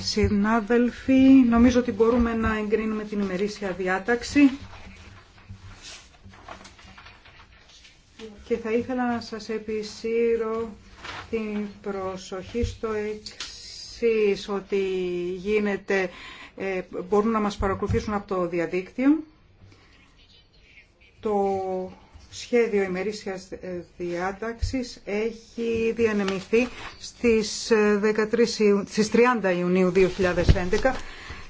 Συνάδελφοι, νομίζω ότι μπορούμε να εγκρίνουμε την ημερήσια διάταξη. Και θα ήθελα να σας επισύρω την προσοχή στο εξή ότι γίνεται, ε, μπορούν να μας παρακολουθήσουν από το διαδίκτυο. Το σχέδιο ημερήσιας ε, διάταξης έχει διανεμηθεί στις, 13, ε, στις 30 Ιουνίου 2011.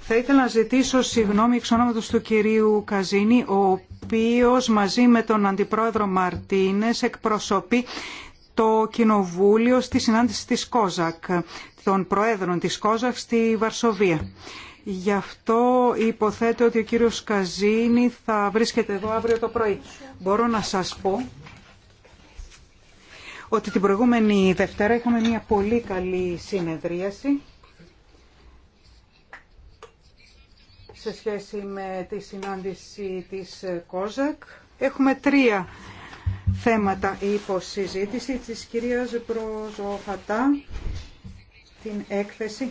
Θα ήθελα να ζητήσω συγγνώμη εξ ονόματος του κυρίου Καζίνη, ο οποίος μαζί με τον Αντιπρόεδρο Μαρτίνες εκπροσωπεί το Κοινοβούλιο στη συνάντηση της ΚΟΖΑΚ, των Προέδρων της ΚΟΖΑΚ στη Βαρσοβία. Γι' αυτό υποθέτω ότι ο κύριος Καζίνη θα βρίσκεται εδώ αύριο το πρωί μπορώ να σας πω ότι την προηγούμενη Δευτέρα είχαμε μια πολύ καλή συνεδρίαση σε σχέση με τη συνάντηση της ΚΟΖΑΚ. Έχουμε τρία θέματα υπό συζήτηση της κυρίας την έκθεση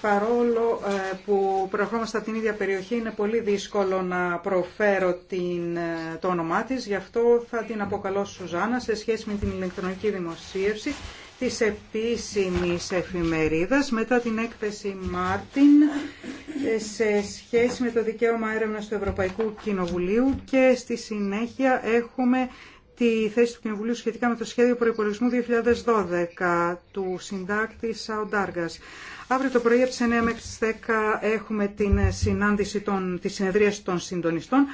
παρόλο ε, που προερχόμαστε από την ίδια περιοχή είναι πολύ δύσκολο να προφέρω την, ε, το όνομά της, γι' αυτό θα την αποκαλώ Σουζάνα σε σχέση με την ηλεκτρονική δημοσίευση της επίσημης εφημερίδας μετά την έκθεση Μάρτιν ε, σε σχέση με το δικαίωμα έρευνας του Ευρωπαϊκού Κοινοβουλίου και στη συνέχεια έχουμε τη θέση του Κοινοβουλίου σχετικά με το σχέδιο προϋπολογισμού 2012 του συντάκτη Σαοντάργας. Αύριο το πρωί από τις 9 μέχρι τις 10 έχουμε την συνάντηση των, της συνεδρίας των συντονιστών.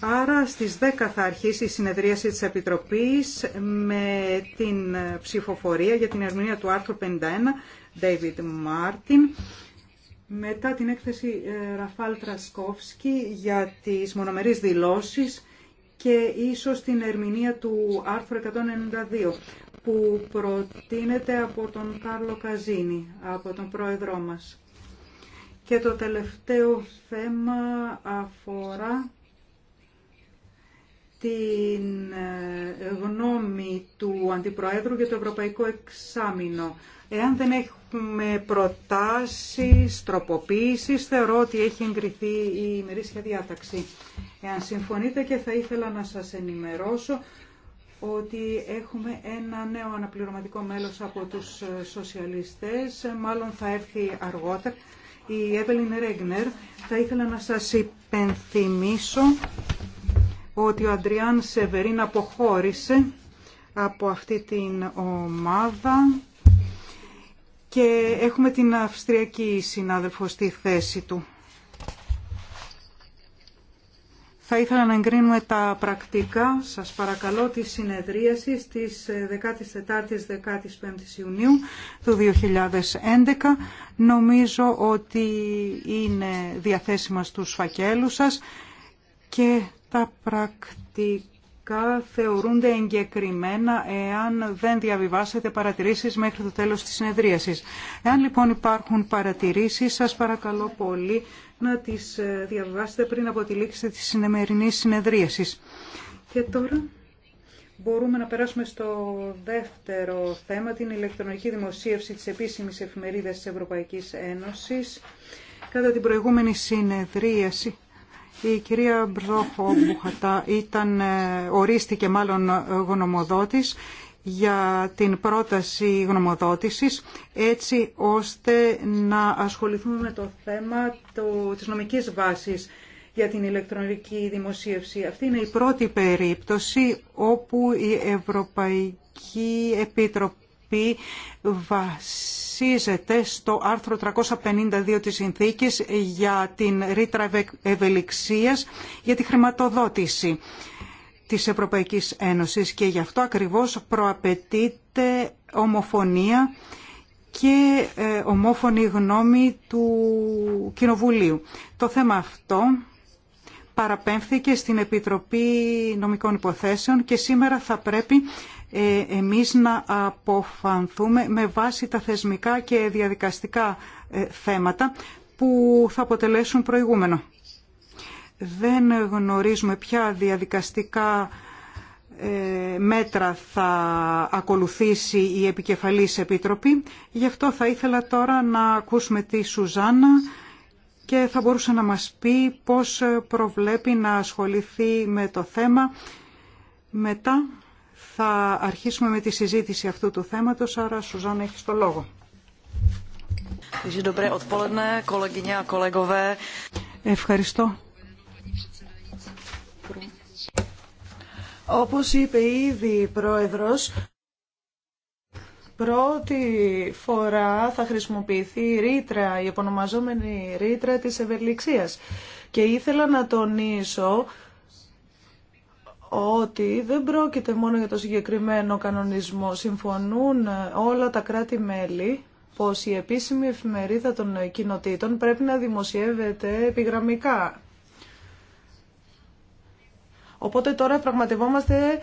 Άρα στις 10 θα αρχίσει η συνεδρίαση της Επιτροπής με την ψηφοφορία για την ερμηνεία του άρθρου 51, David Martin. Μετά την έκθεση ε, Ραφάλ Τρασκόφσκι για τις μονομερείς δηλώσεις και ίσως την ερμηνεία του άρθρου 192 που προτείνεται από τον Κάρλο Καζίνη, από τον πρόεδρό μας. Και το τελευταίο θέμα αφορά την ε, γνώμη του Αντιπροέδρου για το Ευρωπαϊκό Εξάμεινο. Εάν δεν έχουμε προτάσεις, τροποποίησεις, θεωρώ ότι έχει εγκριθεί η ημερήσια διάταξη. Εάν συμφωνείτε και θα ήθελα να σας ενημερώσω ότι έχουμε ένα νέο αναπληρωματικό μέλος από τους ε, σοσιαλιστές, μάλλον θα έρθει αργότερα, η Εύελιν Ρέγνερ. Θα ήθελα να σας υπενθυμίσω ότι ο Αντριάν Σεβερίν αποχώρησε από αυτή την ομάδα και έχουμε την Αυστριακή συνάδελφο στη θέση του. Θα ήθελα να εγκρίνουμε τα πρακτικά, σας παρακαλώ, τη συνεδρίαση ε, της 14ης-15ης Ιουνίου του 2011. Νομίζω ότι είναι διαθέσιμα στους φακέλους σας και τα πρακτικά θεωρούνται εγκεκριμένα εάν δεν διαβιβάσετε παρατηρήσεις μέχρι το τέλος της συνεδρίασης. Εάν λοιπόν υπάρχουν παρατηρήσεις, σας παρακαλώ πολύ να τις ε, διαβάσετε πριν από τη λήξη της συνεμερινής συνεδρίασης. Και τώρα μπορούμε να περάσουμε στο δεύτερο θέμα, την ηλεκτρονική δημοσίευση της επίσημης εφημερίδας της Ευρωπαϊκής Ένωσης. Κατά την προηγούμενη συνεδρίαση η κυρία Μπρόχο ήταν, ε, ορίστηκε μάλλον ε, γονομοδότης για την πρόταση γνωμοδότησης έτσι ώστε να ασχοληθούμε με το θέμα το, της νομικής βάσης για την ηλεκτρονική δημοσίευση. Αυτή είναι η πρώτη περίπτωση όπου η Ευρωπαϊκή Επίτροπη βασίζεται στο άρθρο 352 της Συνθήκης για την ρήτρα ευελιξίας για τη χρηματοδότηση της Ευρωπαϊκής Ένωσης και γι' αυτό ακριβώς προαπαιτείται ομοφωνία και ε, ομόφωνη γνώμη του Κοινοβουλίου. Το θέμα αυτό παραπέμφθηκε στην Επιτροπή Νομικών Υποθέσεων και σήμερα θα πρέπει ε, εμείς να αποφανθούμε με βάση τα θεσμικά και διαδικαστικά ε, θέματα που θα αποτελέσουν προηγούμενο δεν γνωρίζουμε ποια διαδικαστικά ε, μέτρα θα ακολουθήσει η Επικεφαλής Επίτροπη. Γι' αυτό θα ήθελα τώρα να ακούσουμε τη Σουζάνα και θα μπορούσε να μας πει πώς προβλέπει να ασχοληθεί με το θέμα. Μετά θα αρχίσουμε με τη συζήτηση αυτού του θέματος, άρα Σουζάνα έχει το λόγο. Ευχαριστώ. Όπως είπε ήδη η Πρόεδρος, πρώτη φορά θα χρησιμοποιηθεί η ρήτρα, η επωνομαζόμενη ρήτρα της ευελιξίας. Και ήθελα να τονίσω ότι δεν πρόκειται μόνο για το συγκεκριμένο κανονισμό. Συμφωνούν όλα τα κράτη-μέλη πως η επίσημη εφημερίδα των κοινοτήτων πρέπει να δημοσιεύεται επιγραμμικά Οπότε τώρα πραγματευόμαστε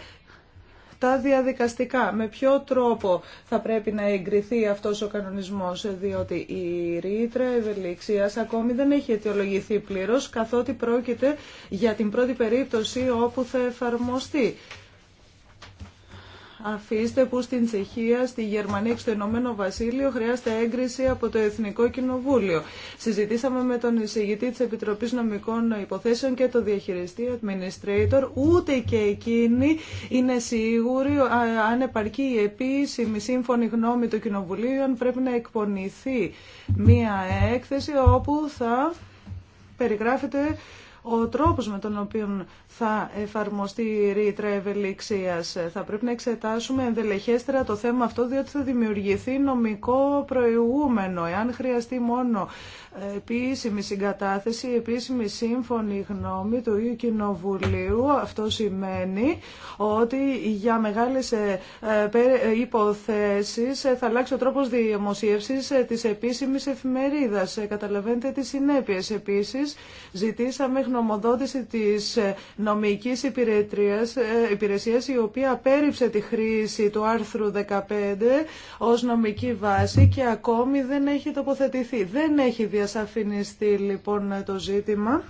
τα διαδικαστικά. Με ποιο τρόπο θα πρέπει να εγκριθεί αυτός ο κανονισμός, διότι η ρήτρα ευελιξίας ακόμη δεν έχει αιτιολογηθεί πλήρως, καθότι πρόκειται για την πρώτη περίπτωση όπου θα εφαρμοστεί αφήστε που στην Τσεχία, στη Γερμανία και στο Ηνωμένο Βασίλειο χρειάζεται έγκριση από το Εθνικό Κοινοβούλιο. Συζητήσαμε με τον εισηγητή τη Επιτροπής Νομικών Υποθέσεων και το διαχειριστή administrator. Ούτε και εκείνοι είναι σίγουροι αν επαρκεί η επίσημη σύμφωνη γνώμη του Κοινοβουλίου αν πρέπει να εκπονηθεί μία έκθεση όπου θα περιγράφεται ο τρόπος με τον οποίο θα εφαρμοστεί η ρήτρα ευελιξίας. Θα πρέπει να εξετάσουμε ενδελεχέστερα το θέμα αυτό, διότι θα δημιουργηθεί νομικό προηγούμενο. Εάν χρειαστεί μόνο ε, επίσημη συγκατάθεση, επίσημη σύμφωνη γνώμη του Ιου Κοινοβουλίου, αυτό σημαίνει ότι για μεγάλες ε, ε, υποθέσεις θα αλλάξει ο τρόπος δημοσίευσης της επίσημης εφημερίδας. Καταλαβαίνετε τις συνέπειες. Επίσης, ζητήσαμε γνωμοδότηση της νομικής ε, υπηρεσίας η οποία απέρριψε τη χρήση του άρθρου 15 ως νομική βάση και ακόμη δεν έχει τοποθετηθεί. Δεν έχει διασαφινιστεί λοιπόν το ζήτημα.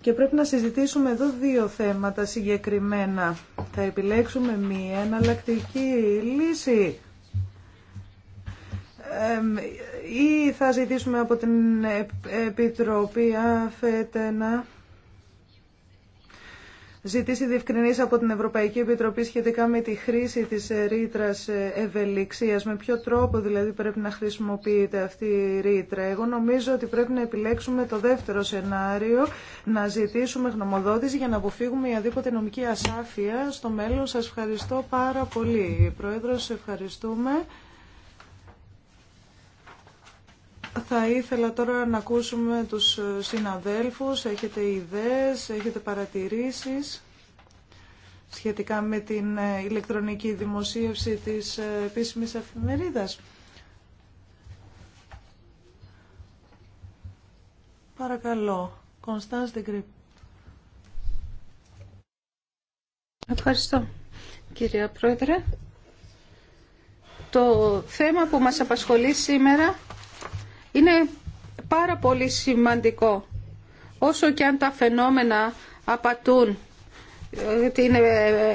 Και πρέπει να συζητήσουμε εδώ δύο θέματα συγκεκριμένα. Θα επιλέξουμε μία εναλλακτική λύση ή θα ζητήσουμε από την Επιτροπή αφετένα ζητήσει διευκρινήσει από την Ευρωπαϊκή Επιτροπή σχετικά με τη χρήση της ρήτρα ευελιξίας, με ποιο τρόπο δηλαδή πρέπει να χρησιμοποιείται αυτή η ρήτρα. Εγώ νομίζω ότι πρέπει να επιλέξουμε το δεύτερο σενάριο, να ζητήσουμε γνωμοδότηση για να αποφύγουμε οποιαδήποτε νομική ασάφεια στο μέλλον. Σας ευχαριστώ πάρα πολύ. Πρόεδρος, ευχαριστούμε. Θα ήθελα τώρα να ακούσουμε τους ε, συναδέλφους. Έχετε ιδέες, έχετε παρατηρήσεις σχετικά με την ε, ηλεκτρονική δημοσίευση της ε, επίσημης εφημερίδας. Παρακαλώ. Κωνσταντς Δεγκρίπ. Ευχαριστώ, κυρία Πρόεδρε. Το θέμα που μας απασχολεί σήμερα είναι πάρα πολύ σημαντικό. Όσο και αν τα φαινόμενα απατούν ότι είναι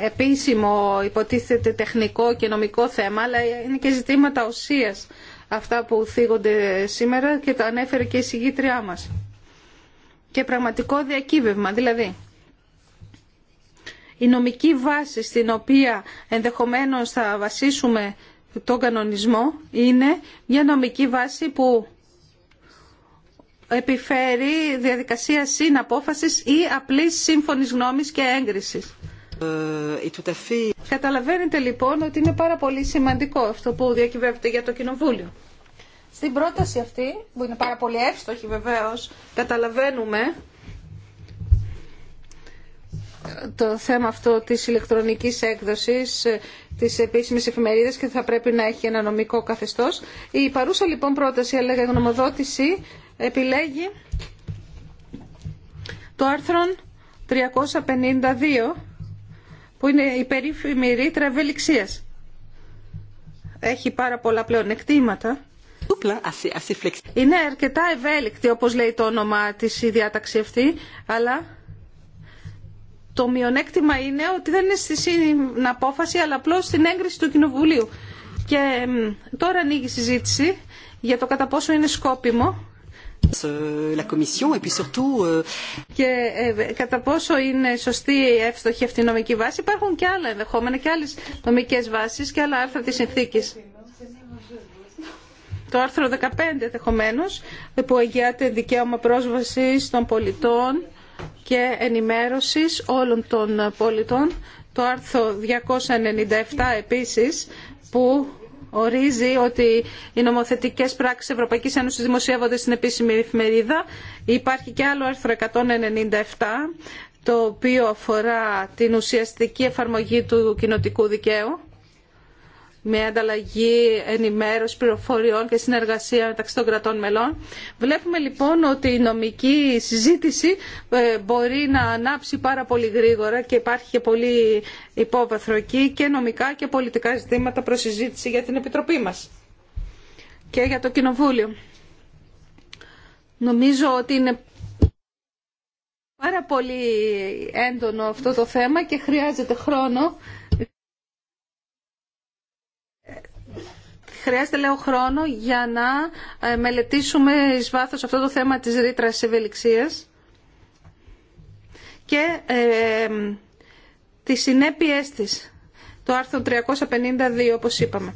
επίσημο, υποτίθεται τεχνικό και νομικό θέμα, αλλά είναι και ζητήματα ουσίας αυτά που θίγονται σήμερα και τα ανέφερε και η συγγήτριά μας. Και πραγματικό διακύβευμα, δηλαδή η νομική βάση στην οποία ενδεχομένως θα βασίσουμε τον κανονισμό είναι μια νομική βάση που επιφέρει διαδικασία συναπόφασης ή απλής σύμφωνης γνώμης και έγκρισης. Ε, Καταλαβαίνετε λοιπόν ότι είναι πάρα πολύ σημαντικό αυτό που διακυβεύεται για το Κοινοβούλιο. Στην πρόταση αυτή, που είναι πάρα πολύ εύστοχη βεβαίως, καταλαβαίνουμε το θέμα αυτό της ηλεκτρονικής έκδοσης ε, της επίσημης εφημερίδας και θα πρέπει να έχει ένα νομικό καθεστώς. Η παρούσα λοιπόν πρόταση, έλεγα, γνωμοδότηση επιλέγει το άρθρο 352 που είναι η περίφημη ρήτρα ευελιξίας. Έχει πάρα πολλά πλεονεκτήματα. Είναι αρκετά ευέλικτη όπως λέει το όνομά της η διάταξη αυτή, αλλά το μειονέκτημα είναι ότι δεν είναι στη απόφαση... αλλά απλώ στην έγκριση του Κοινοβουλίου. Και τώρα ανοίγει η συζήτηση για το κατά πόσο είναι σκόπιμο Euh, euh, και ε, κατά πόσο είναι σωστή η εύστοχη αυτή νομική βάση, υπάρχουν και άλλα ενδεχόμενα και άλλες νομικές βάσεις και άλλα άρθρα της συνθήκης. Το άρθρο 15 ενδεχομένω που αγιάται δικαίωμα πρόσβασης των πολιτών και ενημέρωσης όλων των πολιτών. Το άρθρο 297 επίσης που ορίζει ότι οι νομοθετικές πράξεις Ευρωπαϊκής Ένωση δημοσιεύονται στην επίσημη εφημερίδα. Υπάρχει και άλλο άρθρο 197 το οποίο αφορά την ουσιαστική εφαρμογή του κοινοτικού δικαίου με ανταλλαγή ενημέρωση πληροφοριών και συνεργασία μεταξύ των κρατών μελών. Βλέπουμε λοιπόν ότι η νομική συζήτηση ε, μπορεί να ανάψει πάρα πολύ γρήγορα και υπάρχει και πολύ υπόβαθρο εκεί και νομικά και πολιτικά ζητήματα προς συζήτηση για την Επιτροπή μας και για το Κοινοβούλιο. Νομίζω ότι είναι πάρα πολύ έντονο αυτό το θέμα και χρειάζεται χρόνο χρειάζεται λέω χρόνο για να ε, μελετήσουμε εις βάθος αυτό το θέμα της ρήτρα ευελιξίας και ε, τις συνέπειές της, το άρθρο 352 όπως είπαμε.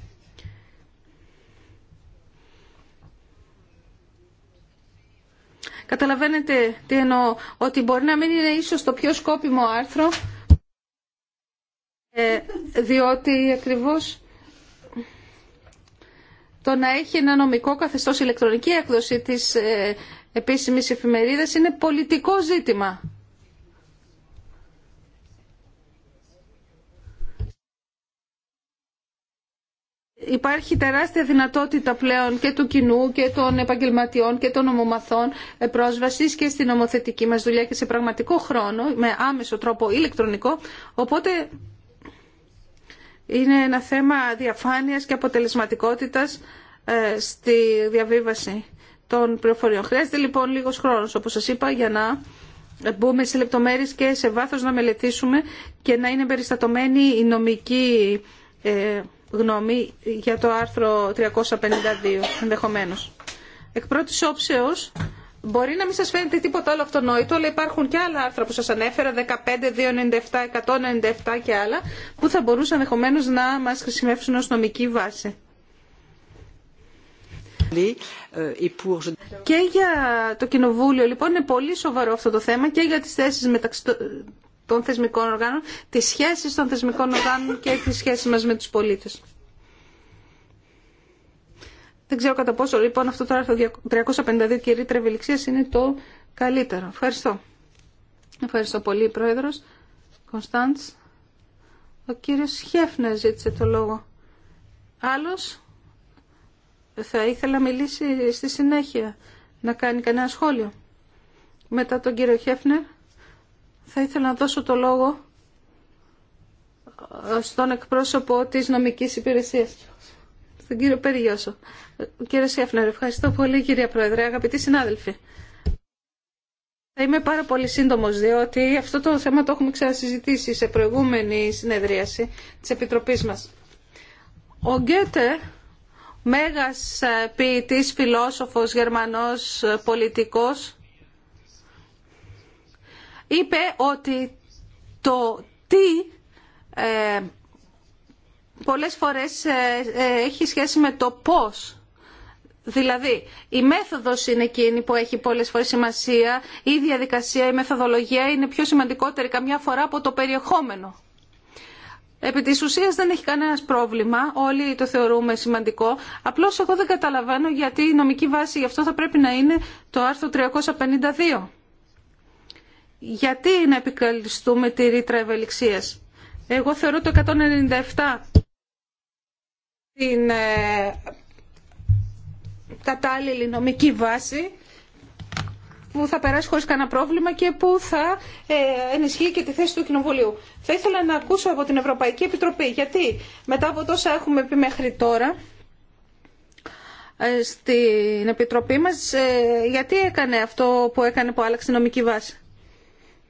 Καταλαβαίνετε τι εννοώ, ότι μπορεί να μην είναι ίσως το πιο σκόπιμο άρθρο, ε, διότι ακριβώς το να έχει ένα νομικό καθεστώς ηλεκτρονική έκδοση της ε, επίσημης εφημερίδας είναι πολιτικό ζήτημα. Υπάρχει τεράστια δυνατότητα πλέον και του κοινού και των επαγγελματιών και των νομομαθών ε, πρόσβασης και στην νομοθετική μας δουλειά και σε πραγματικό χρόνο με άμεσο τρόπο ηλεκτρονικό. Οπότε είναι ένα θέμα διαφάνειας και αποτελεσματικότητας ε, στη διαβίβαση των πληροφοριών. Χρειάζεται λοιπόν λίγος χρόνος, όπως σας είπα, για να μπούμε σε λεπτομέρειες και σε βάθος να μελετήσουμε και να είναι περιστατωμένη η νομική ε, γνώμη για το άρθρο 352 ενδεχομένως. Εκ πρώτης όψεως Μπορεί να μην σα φαίνεται τίποτα άλλο αυτονόητο, αλλά υπάρχουν και άλλα άρθρα που σας ανέφερα, 15, 297, 197 και άλλα, που θα μπορούσαν ενδεχομένω να μας χρησιμεύσουν ω νομική βάση. Και για το Κοινοβούλιο, λοιπόν, είναι πολύ σοβαρό αυτό το θέμα και για τις θέσει μεταξύ των θεσμικών οργάνων, τι σχέσει των θεσμικών οργάνων και τι σχέσει μα με του πολίτε. Δεν ξέρω κατά πόσο λοιπόν αυτό το άρθρο 352 ρήτρα ευελιξίας είναι το καλύτερο. Ευχαριστώ. Ευχαριστώ πολύ Πρόεδρος. Κωνσταντς. Ο κύριος Χέφνερ ζήτησε το λόγο. Άλλος θα ήθελα να μιλήσει στη συνέχεια, να κάνει κανένα σχόλιο. Μετά τον κύριο Χέφνερ θα ήθελα να δώσω το λόγο ε, στον εκπρόσωπο της νομικής υπηρεσίας τον κύριο Περιγιώσο. Κύριε Σέφνερ, ευχαριστώ πολύ κύριε Πρόεδρε, αγαπητοί συνάδελφοι. Θα είμαι πάρα πολύ σύντομο, διότι αυτό το θέμα το έχουμε ξανασυζητήσει σε προηγούμενη συνεδρίαση τη Επιτροπή μα. Ο Γκέτε, μέγα ποιητή, φιλόσοφο, γερμανό, πολιτικό, είπε ότι το τι ε, πολλές φορές ε, ε, έχει σχέση με το πώς. Δηλαδή, η μέθοδος είναι εκείνη που έχει πολλές φορές σημασία, η διαδικασία, η μεθοδολογία είναι πιο σημαντικότερη καμιά φορά από το περιεχόμενο. Επί της ουσίας δεν έχει κανένας πρόβλημα, όλοι το θεωρούμε σημαντικό. Απλώς εγώ δεν καταλαβαίνω γιατί η νομική βάση γι' αυτό θα πρέπει να είναι το άρθρο 352. Γιατί να επικαλυστούμε τη ρήτρα ευελιξίας. Εγώ θεωρώ το 197 την ε, κατάλληλη νομική βάση που θα περάσει χωρίς κανένα πρόβλημα και που θα ε, ενισχύει και τη θέση του Κοινοβουλίου. Θα ήθελα να ακούσω από την Ευρωπαϊκή Επιτροπή, γιατί μετά από τόσα έχουμε πει μέχρι τώρα, ε, στην Επιτροπή μας, γιατί έκανε αυτό που έκανε που άλλαξε νομική βάση.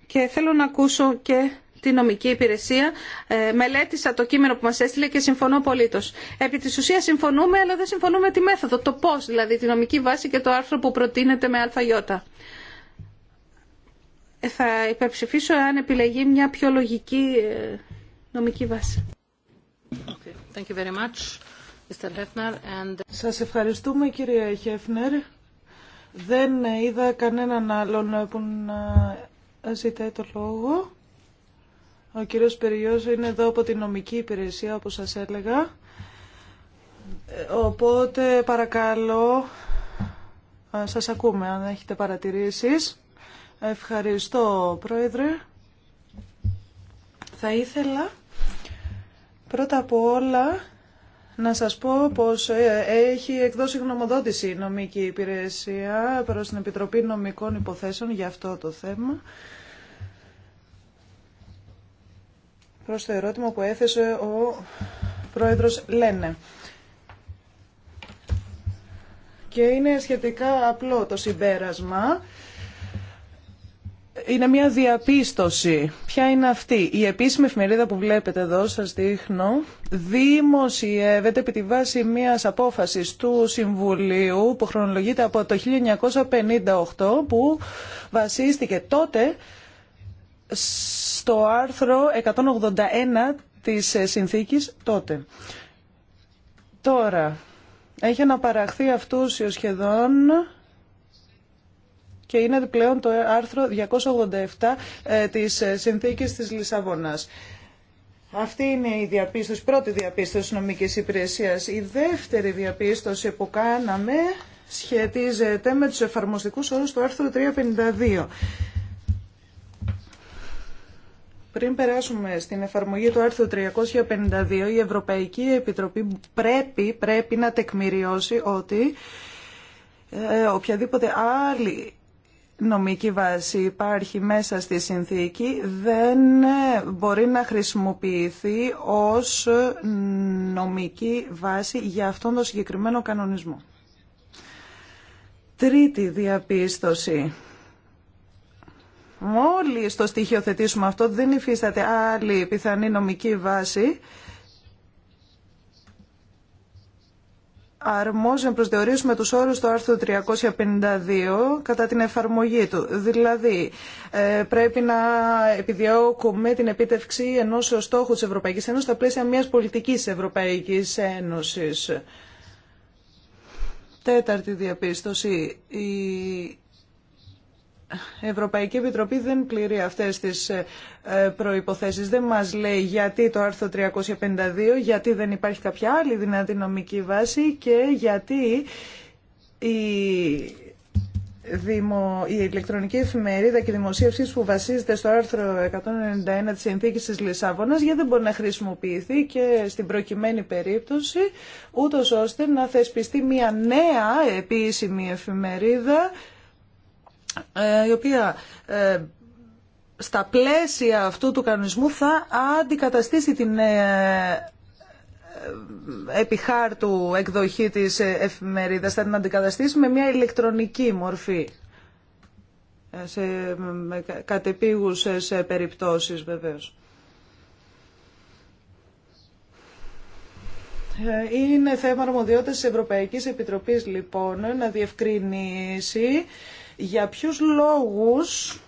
Και θέλω να ακούσω και τη νομική υπηρεσία. Ε, μελέτησα το κείμενο που μα έστειλε και συμφωνώ απολύτω. Επί της ουσίας συμφωνούμε, αλλά δεν συμφωνούμε τη μέθοδο, το πώ, δηλαδή τη νομική βάση και το άρθρο που προτείνεται με αι. Ε, θα υπερψηφίσω αν επιλεγεί μια πιο λογική ε, νομική βάση. Okay. Thank you very And... Σας ευχαριστούμε κύριε Χέφνερ. Δεν είδα κανέναν άλλον που να ζητάει το λόγο. Ο κύριος Περιός είναι εδώ από την νομική υπηρεσία, όπως σας έλεγα. Οπότε, παρακαλώ, σας ακούμε αν έχετε παρατηρήσεις. Ευχαριστώ, Πρόεδρε. Θα ήθελα πρώτα απ' όλα να σας πω πως ε, έχει εκδώσει γνωμοδότηση η νομική υπηρεσία προς την Επιτροπή Νομικών Υποθέσεων για αυτό το θέμα. προς το ερώτημα που έθεσε ο πρόεδρος Λένε. Και είναι σχετικά απλό το συμπέρασμα. Είναι μια διαπίστωση. Ποια είναι αυτή. Η επίσημη εφημερίδα που βλέπετε εδώ, σας δείχνω, δημοσιεύεται επί τη βάση μιας απόφασης του Συμβουλίου που χρονολογείται από το 1958 που βασίστηκε τότε στο άρθρο 181 της ε, συνθήκης τότε. Τώρα, έχει αναπαραχθεί αυτούσιο σχεδόν και είναι πλέον το άρθρο 287 ε, της ε, συνθήκης της Λισαβόνας. Αυτή είναι η διαπίστωση, πρώτη διαπίστωση νομικής υπηρεσίας. Η δεύτερη διαπίστωση που κάναμε σχετίζεται με τους εφαρμοστικούς όρους του άρθρου 352. Πριν περάσουμε στην εφαρμογή του άρθρου 352, η Ευρωπαϊκή Επιτροπή πρέπει, πρέπει να τεκμηριώσει ότι ε, οποιαδήποτε άλλη νομική βάση υπάρχει μέσα στη συνθήκη δεν ε, μπορεί να χρησιμοποιηθεί ως νομική βάση για αυτόν τον συγκεκριμένο κανονισμό. Τρίτη διαπίστωση. Μόλις το στοιχειοθετήσουμε αυτό, δεν υφίσταται άλλη πιθανή νομική βάση. αρμόζει να προσδιορίσουμε τους όρους του άρθρου 352 κατά την εφαρμογή του. Δηλαδή, ε, πρέπει να επιδιώκουμε την επίτευξη ενός στόχου της Ευρωπαϊκής Ένωσης στα πλαίσια μιας πολιτικής Ευρωπαϊκής Ένωσης. Τέταρτη διαπίστωση. Η η Ευρωπαϊκή Επιτροπή δεν πληρεί αυτές τις ε, ε, προϋποθέσεις. Δεν μας λέει γιατί το άρθρο 352, γιατί δεν υπάρχει κάποια άλλη δυνατή νομική βάση και γιατί η, δημο... η ηλεκτρονική εφημερίδα και η δημοσίευση που βασίζεται στο άρθρο 191 της Συνθήκης της Λισαβόνας γιατί δεν μπορεί να χρησιμοποιηθεί και στην προκειμένη περίπτωση ούτως ώστε να θεσπιστεί μια νέα επίσημη εφημερίδα ε, η οποία ε, στα πλαίσια αυτού του κανονισμού θα αντικαταστήσει την ε, επιχάρτου εκδοχή της εφημερίδας, θα την αντικαταστήσει με μια ηλεκτρονική μορφή σε κατεπίγουσες περιπτώσεις βεβαίως. Είναι θέμα αρμοδιότητας της Ευρωπαϊκής Επιτροπής λοιπόν να διευκρινίσει για ποιους λόγους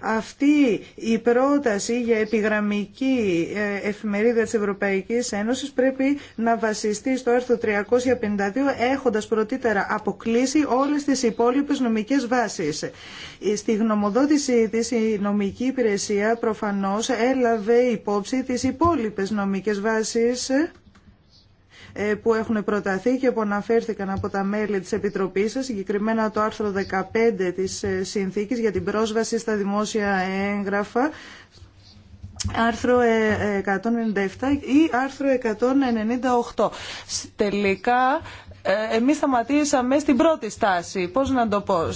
αυτή η πρόταση για επιγραμμική ε, εφημερίδα της Ευρωπαϊκής Ένωσης πρέπει να βασιστεί στο άρθρο 352 έχοντας πρωτήτερα αποκλείσει όλες τις υπόλοιπες νομικές βάσεις. Ε, στη γνωμοδότησή της η νομική υπηρεσία προφανώς έλαβε υπόψη τις υπόλοιπες νομικές βάσεις ε, ε, που έχουν προταθεί και που αναφέρθηκαν από τα μέλη της Επιτροπής σας, συγκεκριμένα το άρθρο 15 της ε, Συνθήκης για την πρόσβαση στα δημόσια έγγραφα, άρθρο 197 ε, ή άρθρο 198. Τελικά, εμείς σταματήσαμε στην πρώτη στάση. Πώς να το πω.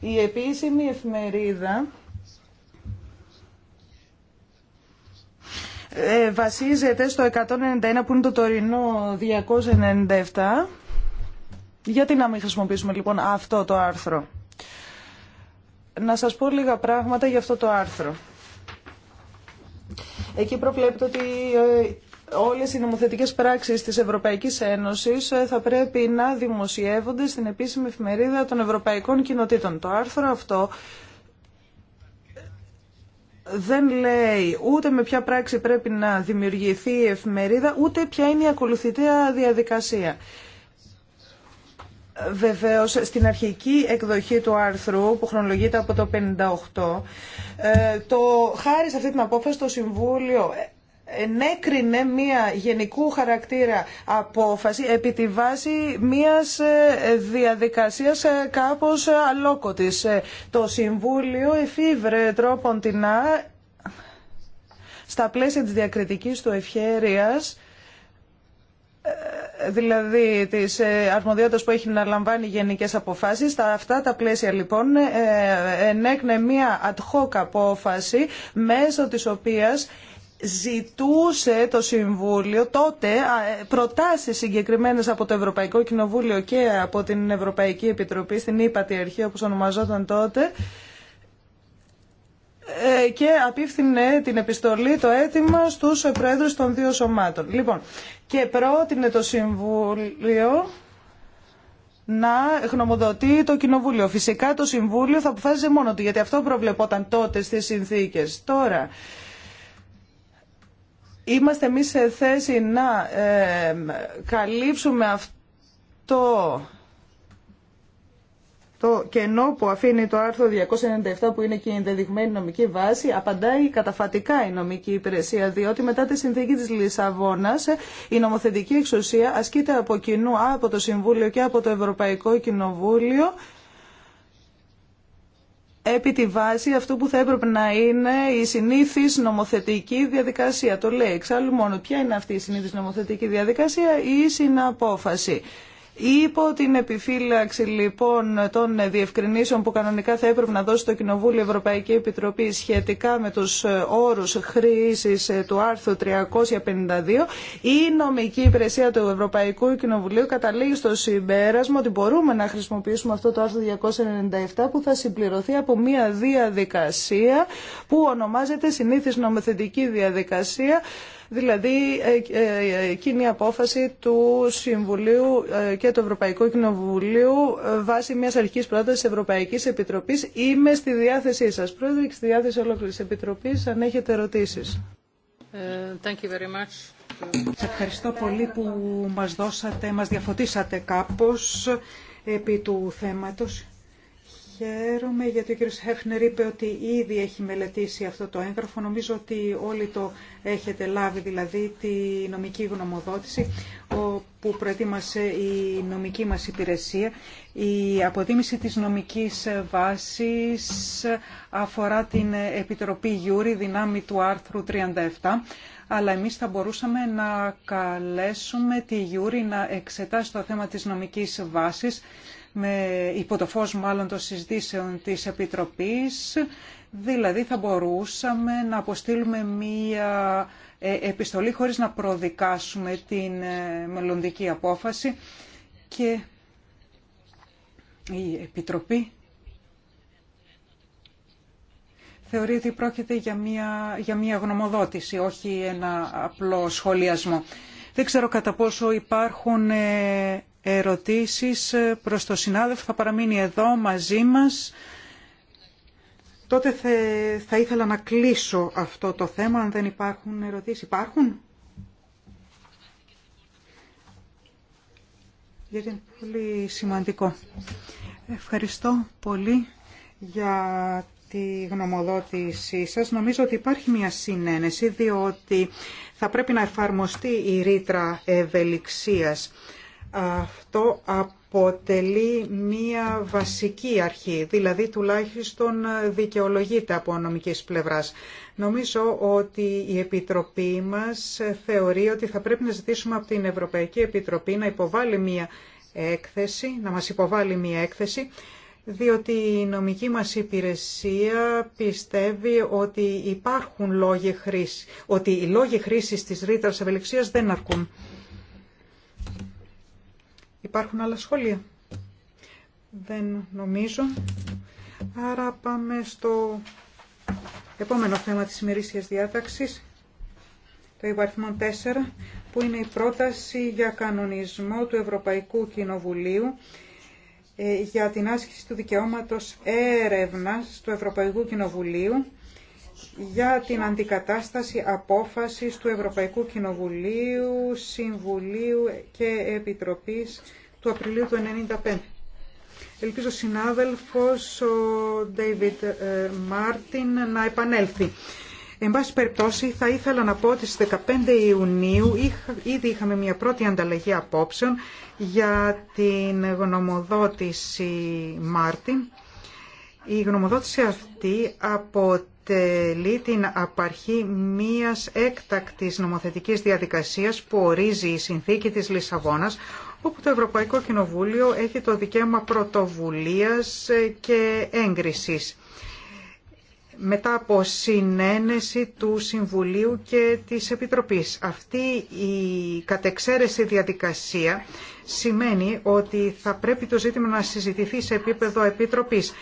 Η επίσημη εφημερίδα Ε, βασίζεται στο 191 που είναι το τωρινό 297. Γιατί να μην χρησιμοποιήσουμε λοιπόν αυτό το άρθρο. Να σας πω λίγα πράγματα για αυτό το άρθρο. Εκεί προβλέπεται ότι ε, όλες οι νομοθετικές πράξεις της Ευρωπαϊκής Ένωσης ε, θα πρέπει να δημοσιεύονται στην επίσημη εφημερίδα των Ευρωπαϊκών Κοινοτήτων. Το άρθρο αυτό δεν λέει ούτε με ποια πράξη πρέπει να δημιουργηθεί η εφημερίδα, ούτε ποια είναι η ακολουθητέα διαδικασία. Βεβαίως, στην αρχική εκδοχή του άρθρου, που χρονολογείται από το 58, ε, το χάρη σε αυτή την απόφαση το Συμβούλιο ενέκρινε μία γενικού χαρακτήρα απόφαση επί τη βάση μίας ε, διαδικασίας ε, κάπως αλόκοτης. Ε, το Συμβούλιο εφήβρε τρόπον την Α, στα πλαίσια της διακριτικής του ευχέρειας, δηλαδή της αρμοδιότητας που έχει να λαμβάνει γενικές αποφάσεις. Στα αυτά τα πλαίσια λοιπόν ενέκνε μία ad hoc απόφαση μέσω της οποίας ζητούσε το Συμβούλιο τότε ε, προτάσεις συγκεκριμένες από το Ευρωπαϊκό Κοινοβούλιο και από την Ευρωπαϊκή Επιτροπή, στην ύπατη αρχή όπως ονομαζόταν τότε, ε, και απίφθινε την επιστολή, το αίτημα στους πρόεδρους των δύο σωμάτων. Λοιπόν, και πρότεινε το Συμβούλιο να γνωμοδοτεί το Κοινοβούλιο. Φυσικά το Συμβούλιο θα αποφάσισε μόνο του, γιατί αυτό προβλεπόταν τότε στις συνθήκες. Τώρα, Είμαστε εμείς σε θέση να ε, καλύψουμε αυτό το κενό που αφήνει το άρθρο 297 που είναι και η ενδεδειγμένη νομική βάση απαντάει καταφατικά η νομική υπηρεσία διότι μετά τη συνθήκη της Λισαβόνας η νομοθετική εξουσία ασκείται από κοινού από το Συμβούλιο και από το Ευρωπαϊκό Κοινοβούλιο επί τη βάση αυτού που θα έπρεπε να είναι η συνήθις νομοθετική διαδικασία. Το λέει εξάλλου μόνο ποια είναι αυτή η συνήθις νομοθετική διαδικασία ή η συναπόφαση. Υπό την επιφύλαξη λοιπόν των διευκρινήσεων που κανονικά θα έπρεπε να δώσει το Κοινοβούλιο Ευρωπαϊκή Επιτροπή σχετικά με τους ε, όρους χρήσης ε, του άρθρου 352, η νομική υπηρεσία του Ευρωπαϊκού Κοινοβουλίου καταλήγει στο συμπέρασμα ότι μπορούμε να χρησιμοποιήσουμε αυτό το άρθρο 297 που θα συμπληρωθεί από μια διαδικασία που ονομάζεται συνήθις νομοθετική διαδικασία δηλαδή ε, ε, ε, εκείνη η απόφαση του Συμβουλίου και του Ευρωπαϊκού Κοινοβουλίου βάσει μιας αρχικής πρότασης Ευρωπαϊκής Επιτροπής. Είμαι στη διάθεσή σας. Πρόεδρε και στη διάθεση ολόκληρης Επιτροπής αν έχετε ερωτήσεις. Thank Σας ευχαριστώ πολύ που μας δώσατε, μας διαφωτίσατε κάπως επί του θέματος. Χαίρομαι γιατί ο κύριος Χέφνερ είπε ότι ήδη έχει μελετήσει αυτό το έγγραφο. Νομίζω ότι όλοι το έχετε λάβει, δηλαδή τη νομική γνωμοδότηση που προετοίμασε η νομική μας υπηρεσία. Η αποτίμηση της νομικής βάσης αφορά την Επιτροπή Γιούρη δυνάμει του άρθρου 37 αλλά εμείς θα μπορούσαμε να καλέσουμε τη Γιούρη να εξετάσει το θέμα της νομικής βάσης με υπό το φως μάλλον των συζητήσεων της Επιτροπής, δηλαδή θα μπορούσαμε να αποστείλουμε μία ε, επιστολή χωρίς να προδικάσουμε την ε, μελλοντική απόφαση και η Επιτροπή θεωρεί ότι πρόκειται για μια, για μια γνωμοδότηση, όχι ένα απλό σχολιασμό. Δεν ξέρω κατά πόσο υπάρχουν ε, ερωτήσεις προς το συνάδελφο. Θα παραμείνει εδώ μαζί μας. Τότε θα ήθελα να κλείσω αυτό το θέμα, αν δεν υπάρχουν ερωτήσεις. Υπάρχουν? Γιατί είναι πολύ σημαντικό. Ευχαριστώ πολύ για τη γνωμοδότησή σας. Νομίζω ότι υπάρχει μια συνένεση, διότι θα πρέπει να εφαρμοστεί η ρήτρα ευελιξίας αυτό αποτελεί μία βασική αρχή, δηλαδή τουλάχιστον δικαιολογείται από νομικής πλευράς. Νομίζω ότι η Επιτροπή μας θεωρεί ότι θα πρέπει να ζητήσουμε από την Ευρωπαϊκή Επιτροπή να υποβάλει μία έκθεση, να μας υποβάλει μία έκθεση, διότι η νομική μας υπηρεσία πιστεύει ότι υπάρχουν λόγοι χρήση, ότι οι λόγοι χρήσης της ρήτρας ευελιξίας δεν αρκούν. Υπάρχουν άλλα σχόλια. Δεν νομίζω. Άρα πάμε στο επόμενο θέμα της ημερήσιας διάταξης, το υπαριθμό 4, που είναι η πρόταση για κανονισμό του Ευρωπαϊκού Κοινοβουλίου ε, για την άσκηση του δικαιώματος έρευνας του Ευρωπαϊκού Κοινοβουλίου για την αντικατάσταση απόφασης του Ευρωπαϊκού Κοινοβουλίου, Συμβουλίου και Επιτροπής του Απριλίου του 1995. Ελπίζω ο συνάδελφος ο Ντέιβιτ ε, Μάρτιν να επανέλθει. Εν πάση περιπτώσει θα ήθελα να πω ότι στις 15 Ιουνίου ήδη είχαμε μια πρώτη ανταλλαγή απόψεων για την γνωμοδότηση Μάρτιν. Η γνωμοδότηση αυτή αποτελεί την απαρχή μιας έκτακτης νομοθετικής διαδικασίας που ορίζει η συνθήκη της Λισαβόνας όπου το Ευρωπαϊκό Κοινοβούλιο έχει το δικαίωμα πρωτοβουλίας ε, και έγκρισης μετά από συνένεση του Συμβουλίου και της Επιτροπής. Αυτή η κατεξαίρεση διαδικασία σημαίνει ότι θα πρέπει το ζήτημα να συζητηθεί σε επίπεδο Επιτροπής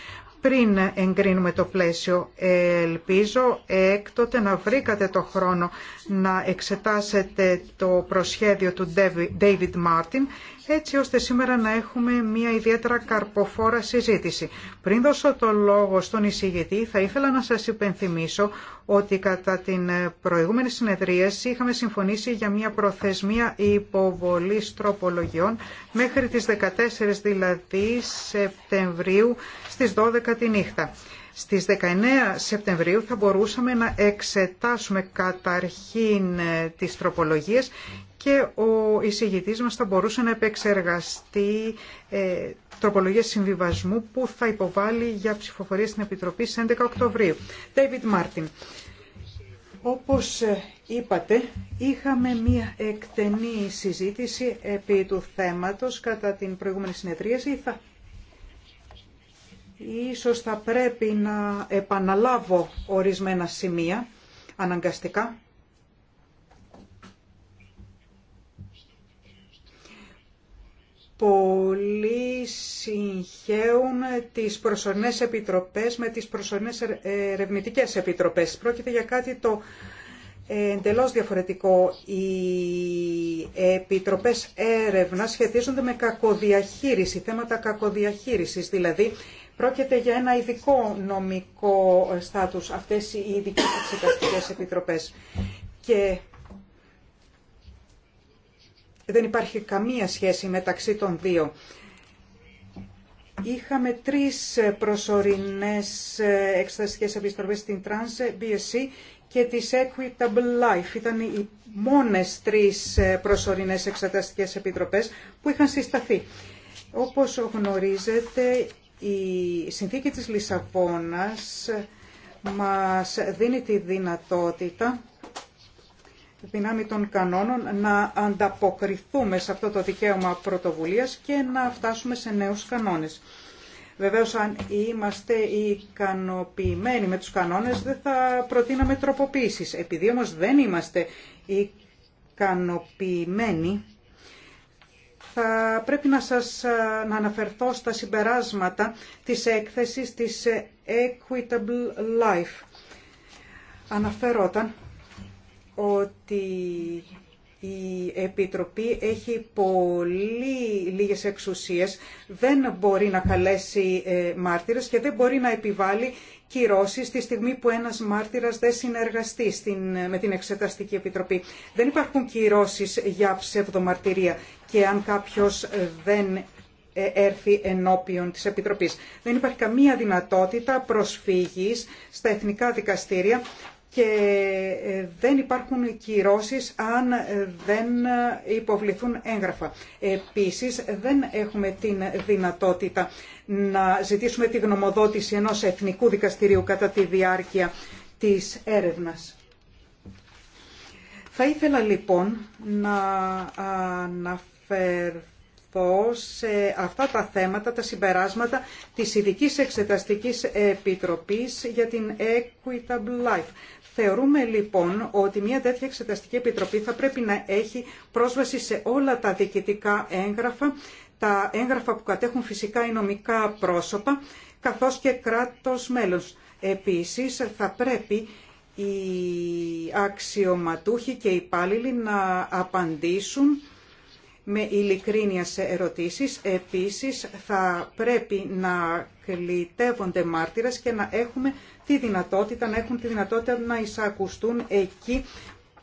πριν εγκρίνουμε το πλαίσιο. Ελπίζω έκτοτε να βρήκατε το χρόνο να εξετάσετε το προσχέδιο του David Martin έτσι ώστε σήμερα να έχουμε μια ιδιαίτερα καρποφόρα συζήτηση. Πριν δώσω το λόγο στον εισηγητή, θα ήθελα να σας υπενθυμίσω ότι κατά την προηγούμενη συνεδρίαση είχαμε συμφωνήσει για μια προθεσμία υποβολής τροπολογιών μέχρι τις 14 δηλαδή Σεπτεμβρίου στις 12 τη νύχτα. Στις 19 Σεπτεμβρίου θα μπορούσαμε να εξετάσουμε καταρχήν ε, τις τροπολογίες και ο εισηγητής μας θα μπορούσε να επεξεργαστεί ε, τροπολογίες συμβιβασμού που θα υποβάλει για ψηφοφορία στην Επιτροπή στις 11 Οκτωβρίου. David Martin. Όπως ε, είπατε, είχαμε μία εκτενή συζήτηση επί του θέματος κατά την προηγούμενη συνεδρίαση. Θα Ίσως θα πρέπει να επαναλάβω ορισμένα σημεία αναγκαστικά. Πολλοί συγχέουν τις προσωρινές επιτροπές με τις προσωρινές ερευνητικέ επιτροπές. Πρόκειται για κάτι το εντελώς διαφορετικό. Οι επιτροπές έρευνα σχετίζονται με κακοδιαχείριση, θέματα κακοδιαχείρισης, δηλαδή Πρόκειται για ένα ειδικό νομικό στάτους αυτές οι ειδικές εξεταστικές επιτροπές. Και δεν υπάρχει καμία σχέση μεταξύ των δύο. Είχαμε τρεις προσωρινές εξεταστικές επιστροφές στην Trans BSC και της Equitable Life. Ήταν οι μόνες τρεις προσωρινές εξεταστικές επιτροπές που είχαν συσταθεί. Όπως γνωρίζετε, η συνθήκη της Λισαβόνας μας δίνει τη δυνατότητα δυνάμει των κανόνων να ανταποκριθούμε σε αυτό το δικαίωμα πρωτοβουλίας και να φτάσουμε σε νέους κανόνες. Βεβαίως αν είμαστε ικανοποιημένοι με τους κανόνες δεν θα προτείναμε τροποποίησεις. Επειδή όμως δεν είμαστε ικανοποιημένοι θα πρέπει να σας να αναφερθώ στα συμπεράσματα της έκθεσης της Equitable Life. Αναφερόταν ότι η Επιτροπή έχει πολύ λίγες εξουσίες, δεν μπορεί να καλέσει ε, μάρτυρες και δεν μπορεί να επιβάλλει κυρώσεις τη στιγμή που ένας μάρτυρας δεν συνεργαστεί με την Εξεταστική Επιτροπή. Δεν υπάρχουν κυρώσεις για ψευδομαρτυρία και αν κάποιος δεν ε, έρθει ενώπιον της Επιτροπής. Δεν υπάρχει καμία δυνατότητα προσφύγης στα εθνικά δικαστήρια και ε, δεν υπάρχουν κυρώσεις αν δεν υποβληθούν έγγραφα. Επίσης δεν έχουμε την δυνατότητα να ζητήσουμε τη γνωμοδότηση ενός εθνικού δικαστηρίου κατά τη διάρκεια της έρευνας. Θα ήθελα λοιπόν να αναφέρω σε αυτά τα θέματα, τα συμπεράσματα της ειδική Εξεταστικής Επιτροπής για την Equitable Life. Θεωρούμε λοιπόν ότι μια τέτοια εξεταστική επιτροπή θα πρέπει να έχει πρόσβαση σε όλα τα διοικητικά έγγραφα, τα έγγραφα που κατέχουν φυσικά οι νομικά πρόσωπα, καθώς και κράτος μέλος. Επίσης θα πρέπει οι αξιωματούχοι και οι υπάλληλοι να απαντήσουν με ειλικρίνεια σε ερωτήσεις. Επίσης θα πρέπει να κλητεύονται μάρτυρες και να έχουμε τη δυνατότητα, να έχουν τη δυνατότητα να εισακουστούν εκεί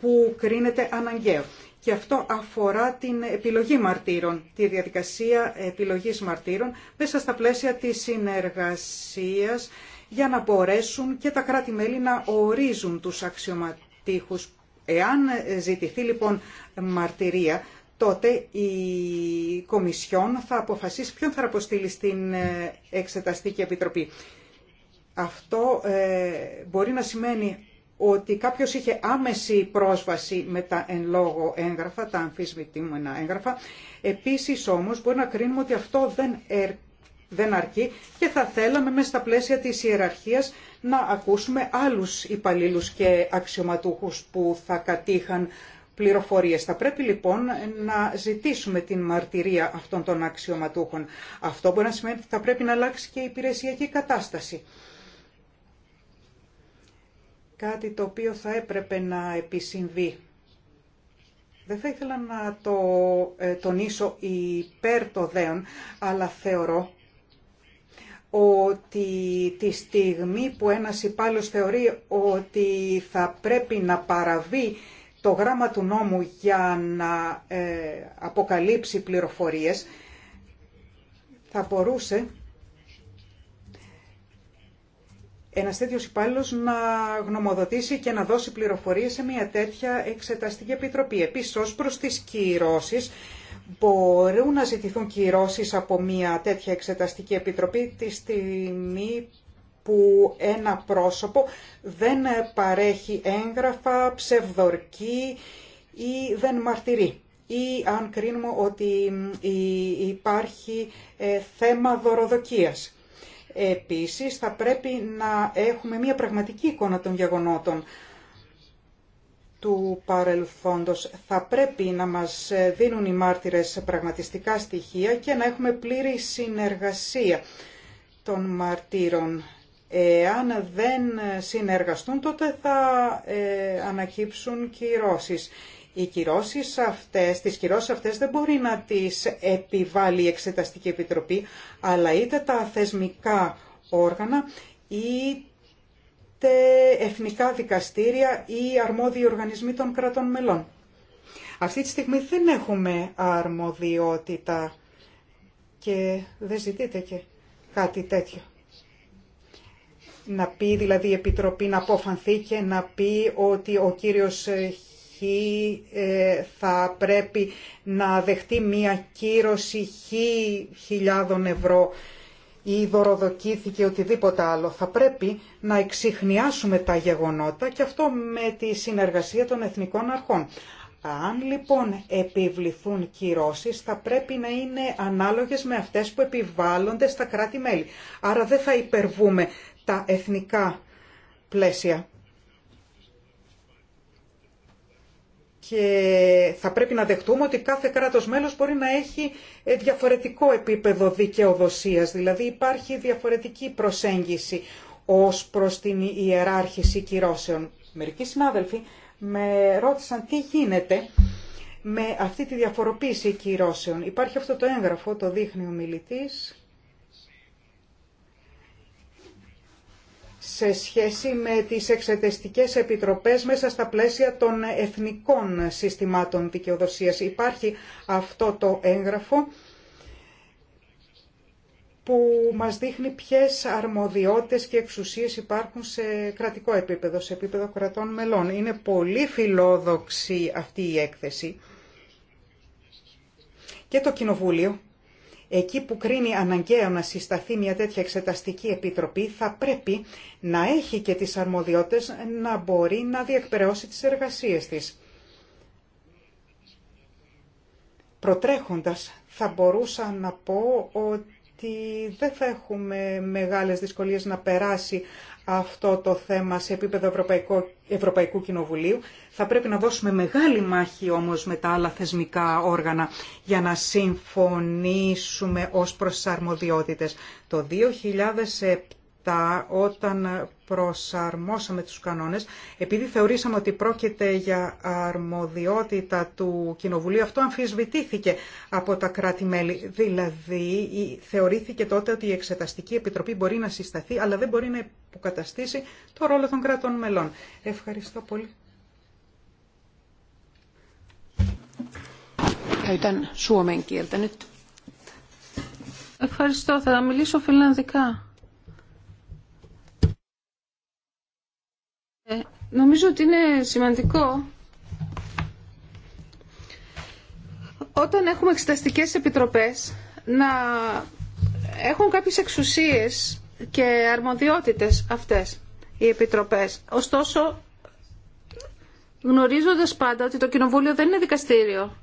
που κρίνεται αναγκαίο. Και αυτό αφορά την επιλογή μαρτύρων, τη διαδικασία επιλογής μαρτύρων μέσα στα πλαίσια της συνεργασίας για να μπορέσουν και τα κράτη-μέλη να ορίζουν τους αξιωματήχους. Εάν ζητηθεί λοιπόν μαρτυρία, τότε η Κομισιόν θα αποφασίσει ποιον θα αποστείλει στην ε, Εξεταστική Επιτροπή. Αυτό ε, μπορεί να σημαίνει ότι κάποιος είχε άμεση πρόσβαση με τα εν λόγω έγγραφα, τα αμφισβητημένα έγγραφα. Επίσης όμως μπορεί να κρίνουμε ότι αυτό δεν, δεν αρκεί και θα θέλαμε μέσα στα πλαίσια της ιεραρχίας να ακούσουμε άλλους υπαλλήλους και αξιωματούχους που θα κατήχαν πληροφορίες. Θα πρέπει λοιπόν να ζητήσουμε την μαρτυρία αυτών των αξιωματούχων. Αυτό μπορεί να σημαίνει ότι θα πρέπει να αλλάξει και η υπηρεσιακή κατάσταση. Κάτι το οποίο θα έπρεπε να επισυμβεί. Δεν θα ήθελα να το ε, τονίσω υπέρ το δέον, αλλά θεωρώ ότι τη στιγμή που ένας υπάλληλος θεωρεί ότι θα πρέπει να παραβεί το γράμμα του νόμου για να ε, αποκαλύψει πληροφορίες, θα μπορούσε ένας τέτοιος υπάλληλος να γνωμοδοτήσει και να δώσει πληροφορίες σε μια τέτοια εξεταστική επιτροπή. Επίσης, ως προς τις κυρώσεις, μπορούν να ζητηθούν κυρώσεις από μια τέτοια εξεταστική επιτροπή τη στιγμή που ένα πρόσωπο δεν παρέχει έγγραφα, ψευδορκή ή δεν μαρτυρεί ή αν κρίνουμε ότι υπάρχει ε, θέμα δωροδοκίας. Επίσης, θα πρέπει να έχουμε μια πραγματική εικόνα των γεγονότων του παρελθόντος. Θα πρέπει να μας ε, δίνουν οι μάρτυρες πραγματιστικά στοιχεία και να έχουμε πλήρη συνεργασία των μαρτύρων αν δεν συνεργαστούν τότε θα ε, ανακύψουν κυρώσεις. Οι κυρώσεις αυτές, τις κυρώσεις αυτές δεν μπορεί να τις επιβάλλει η Εξεταστική Επιτροπή, αλλά είτε τα θεσμικά όργανα, είτε εθνικά δικαστήρια ή αρμόδιοι οργανισμοί των κρατών μελών. Αυτή τη στιγμή δεν έχουμε αρμοδιότητα και δεν ζητείτε και κάτι τέτοιο να πει δηλαδή η Επιτροπή να αποφανθεί και να πει ότι ο κύριος Χ ε, θα πρέπει να δεχτεί μία κύρωση Χ χιλιάδων ευρώ ή δωροδοκήθηκε οτιδήποτε άλλο. Θα πρέπει να εξηχνιάσουμε τα γεγονότα και αυτό με τη συνεργασία των εθνικών αρχών. Αν λοιπόν επιβληθούν κυρώσεις θα πρέπει να είναι ανάλογες με αυτές που επιβάλλονται στα κράτη-μέλη. Άρα δεν θα υπερβούμε εθνικά πλαίσια. Και θα πρέπει να δεχτούμε ότι κάθε κράτος μέλος μπορεί να έχει ε, διαφορετικό επίπεδο δικαιοδοσίας, δηλαδή υπάρχει διαφορετική προσέγγιση ως προς την ιεράρχηση κυρώσεων. Μερικοί συνάδελφοι με ρώτησαν τι γίνεται με αυτή τη διαφοροποίηση κυρώσεων. Υπάρχει αυτό το έγγραφο, το δείχνει ο μιλητής, σε σχέση με τις εξετεστικές επιτροπές μέσα στα πλαίσια των εθνικών συστημάτων δικαιοδοσίας. Υπάρχει αυτό το έγγραφο που μας δείχνει ποιες αρμοδιότητες και εξουσίες υπάρχουν σε κρατικό επίπεδο, σε επίπεδο κρατών μελών. Είναι πολύ φιλόδοξη αυτή η έκθεση. Και το Κοινοβούλιο εκεί που κρίνει αναγκαίο να συσταθεί μια τέτοια εξεταστική επιτροπή θα πρέπει να έχει και τις αρμοδιότητες να μπορεί να διεκπαιρεώσει τις εργασίες της. Προτρέχοντας θα μπορούσα να πω ότι δεν θα έχουμε μεγάλες δυσκολίες να περάσει αυτό το θέμα σε επίπεδο Ευρωπαϊκού, Ευρωπαϊκού Κοινοβουλίου. Θα πρέπει να δώσουμε μεγάλη μάχη όμως με τα άλλα θεσμικά όργανα για να συμφωνήσουμε ως προσαρμοδιότητες. Το 2007 όταν προσαρμόσαμε τους κανόνες, επειδή θεωρήσαμε ότι πρόκειται για αρμοδιότητα του Κοινοβουλίου, αυτό αμφισβητήθηκε από τα κράτη-μέλη. Δηλαδή, θεωρήθηκε τότε ότι η Εξεταστική Επιτροπή μπορεί να συσταθεί, αλλά δεν μπορεί να υποκαταστήσει το ρόλο των κρατών μελών. Ευχαριστώ πολύ. Ευχαριστώ. Θα μιλήσω φιλανδικά. Ε, νομίζω ότι είναι σημαντικό όταν έχουμε εξεταστικές επιτροπές να έχουν κάποιες εξουσίες και αρμοδιότητες αυτές οι επιτροπές. Ωστόσο, γνωρίζοντας πάντα ότι το Κοινοβούλιο δεν είναι δικαστήριο,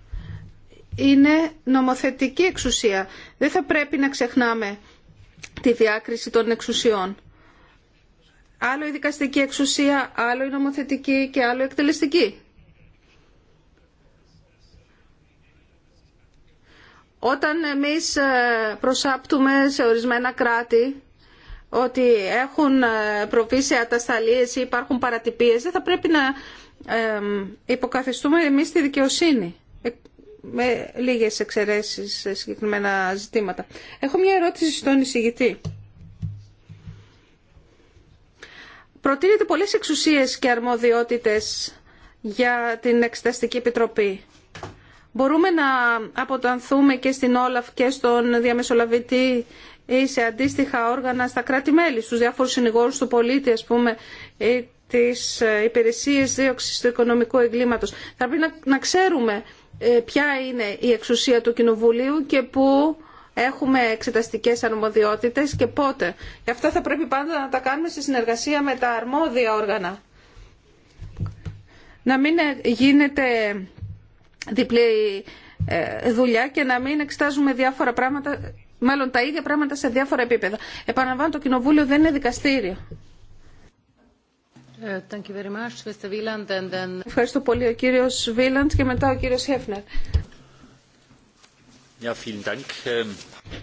είναι νομοθετική εξουσία. Δεν θα πρέπει να ξεχνάμε τη διάκριση των εξουσιών. Άλλο η δικαστική εξουσία, άλλο η νομοθετική και άλλο η εκτελεστική. Όταν εμείς ε, προσάπτουμε σε ορισμένα κράτη ότι έχουν ε, προβεί σε ατασταλίες ή υπάρχουν παρατυπίες, δεν θα πρέπει να ε, υποκαθιστούμε εμείς τη δικαιοσύνη με λίγες εξαιρέσεις σε συγκεκριμένα ζητήματα. Έχω μια ερώτηση στον εισηγητή. προτείνεται πολλές εξουσίες και αρμοδιότητες για την Εξεταστική Επιτροπή. Μπορούμε να αποτανθούμε και στην Όλαφ και στον διαμεσολαβητή ή σε αντίστοιχα όργανα στα κράτη-μέλη, στους διάφορους συνηγόρους του πολίτη, ας πούμε, ή τις ε, υπηρεσίες δίωξης του οικονομικού εγκλήματος. Θα πρέπει να, να ξέρουμε ε, ποια είναι η εξουσία του Κοινοβουλίου και πού έχουμε εξεταστικέ αρμοδιότητε και πότε. Γι' αυτά θα πρέπει πάντα να τα κάνουμε σε συνεργασία με τα αρμόδια όργανα. Να μην ε, γίνεται διπλή ε, δουλειά και να μην εξετάζουμε διάφορα πράγματα, μάλλον τα ίδια πράγματα σε διάφορα επίπεδα. Επαναλαμβάνω, το Κοινοβούλιο δεν είναι δικαστήριο. Ε, Ευχαριστώ πολύ ο κύριος Βίλαντ και μετά ο κύριος Χέφνερ. Ähm,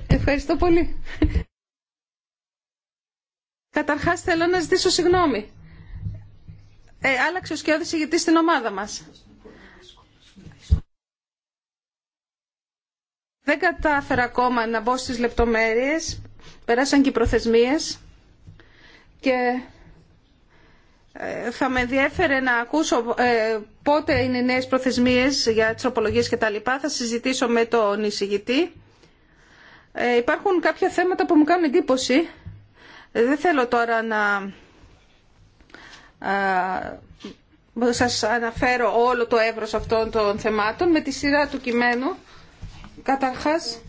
Ευχαριστώ πολύ. Καταρχάς θέλω να ζητήσω συγγνώμη. Ε, άλλαξε ο σκιώδης γιατί στην ομάδα μας. Δεν κατάφερα ακόμα να μπω στις λεπτομέρειες. Περάσαν και οι προθεσμίες. Και ε, θα με ενδιέφερε να ακούσω ε, πότε είναι οι νέες προθεσμίες για τις τροπολογίες και τα λοιπά. Θα συζητήσω με τον εισηγητή. Ε, υπάρχουν κάποια θέματα που μου κάνουν εντύπωση. Δεν θέλω τώρα να σας αναφέρω όλο το εύρος αυτών των θεμάτων με τη σειρά του κειμένου. Καταρχάς,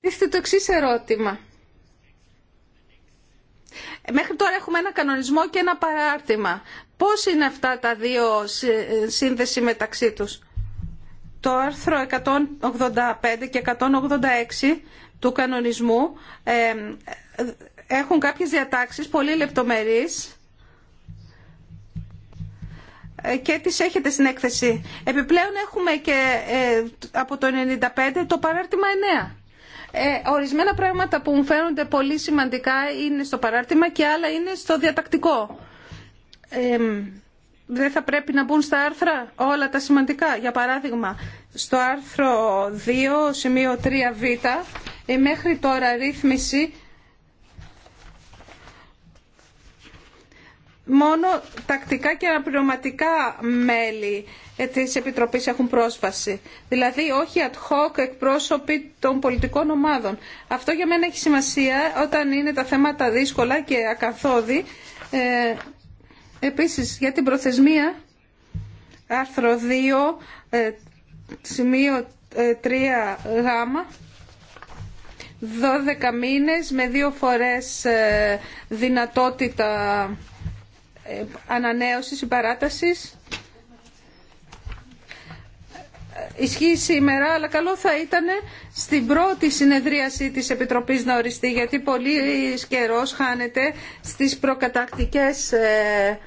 είστε το εξή ερώτημα. Μέχρι τώρα έχουμε ένα κανονισμό και ένα παράρτημα. Πώς είναι αυτά τα δύο σύνδεση μεταξύ τους. Το άρθρο 185 και 186 του κανονισμού έχουν κάποιες διατάξεις πολύ λεπτομερείς ε, και τις έχετε στην έκθεση. Επιπλέον έχουμε και ε, από το 95 το παράρτημα 9 ε, ορισμένα πράγματα που μου φαίνονται πολύ σημαντικά είναι στο παράρτημα και άλλα είναι στο διατακτικό. δεν θα πρέπει να μπουν στα άρθρα όλα τα σημαντικά. Για παράδειγμα, στο άρθρο 2, σημείο 3β, ε, μέχρι τώρα ρύθμιση μόνο τακτικά και αναπληρωματικά μέλη της Επιτροπής έχουν πρόσβαση. Δηλαδή όχι ad hoc εκπρόσωποι των πολιτικών ομάδων. Αυτό για μένα έχει σημασία όταν είναι τα θέματα δύσκολα και ακαθόδη. Ε, επίσης για την προθεσμία άρθρο 2 ε, σημείο 3 ε, γάμα 12 μήνες με δύο φορές ε, δυνατότητα ε, ανανέωσης ή παράτασης ε, ισχύει σήμερα, αλλά καλό θα ήταν στην πρώτη συνεδρίαση της Επιτροπής να οριστεί, γιατί πολύ καιρό χάνεται στις προκατακτικές ε,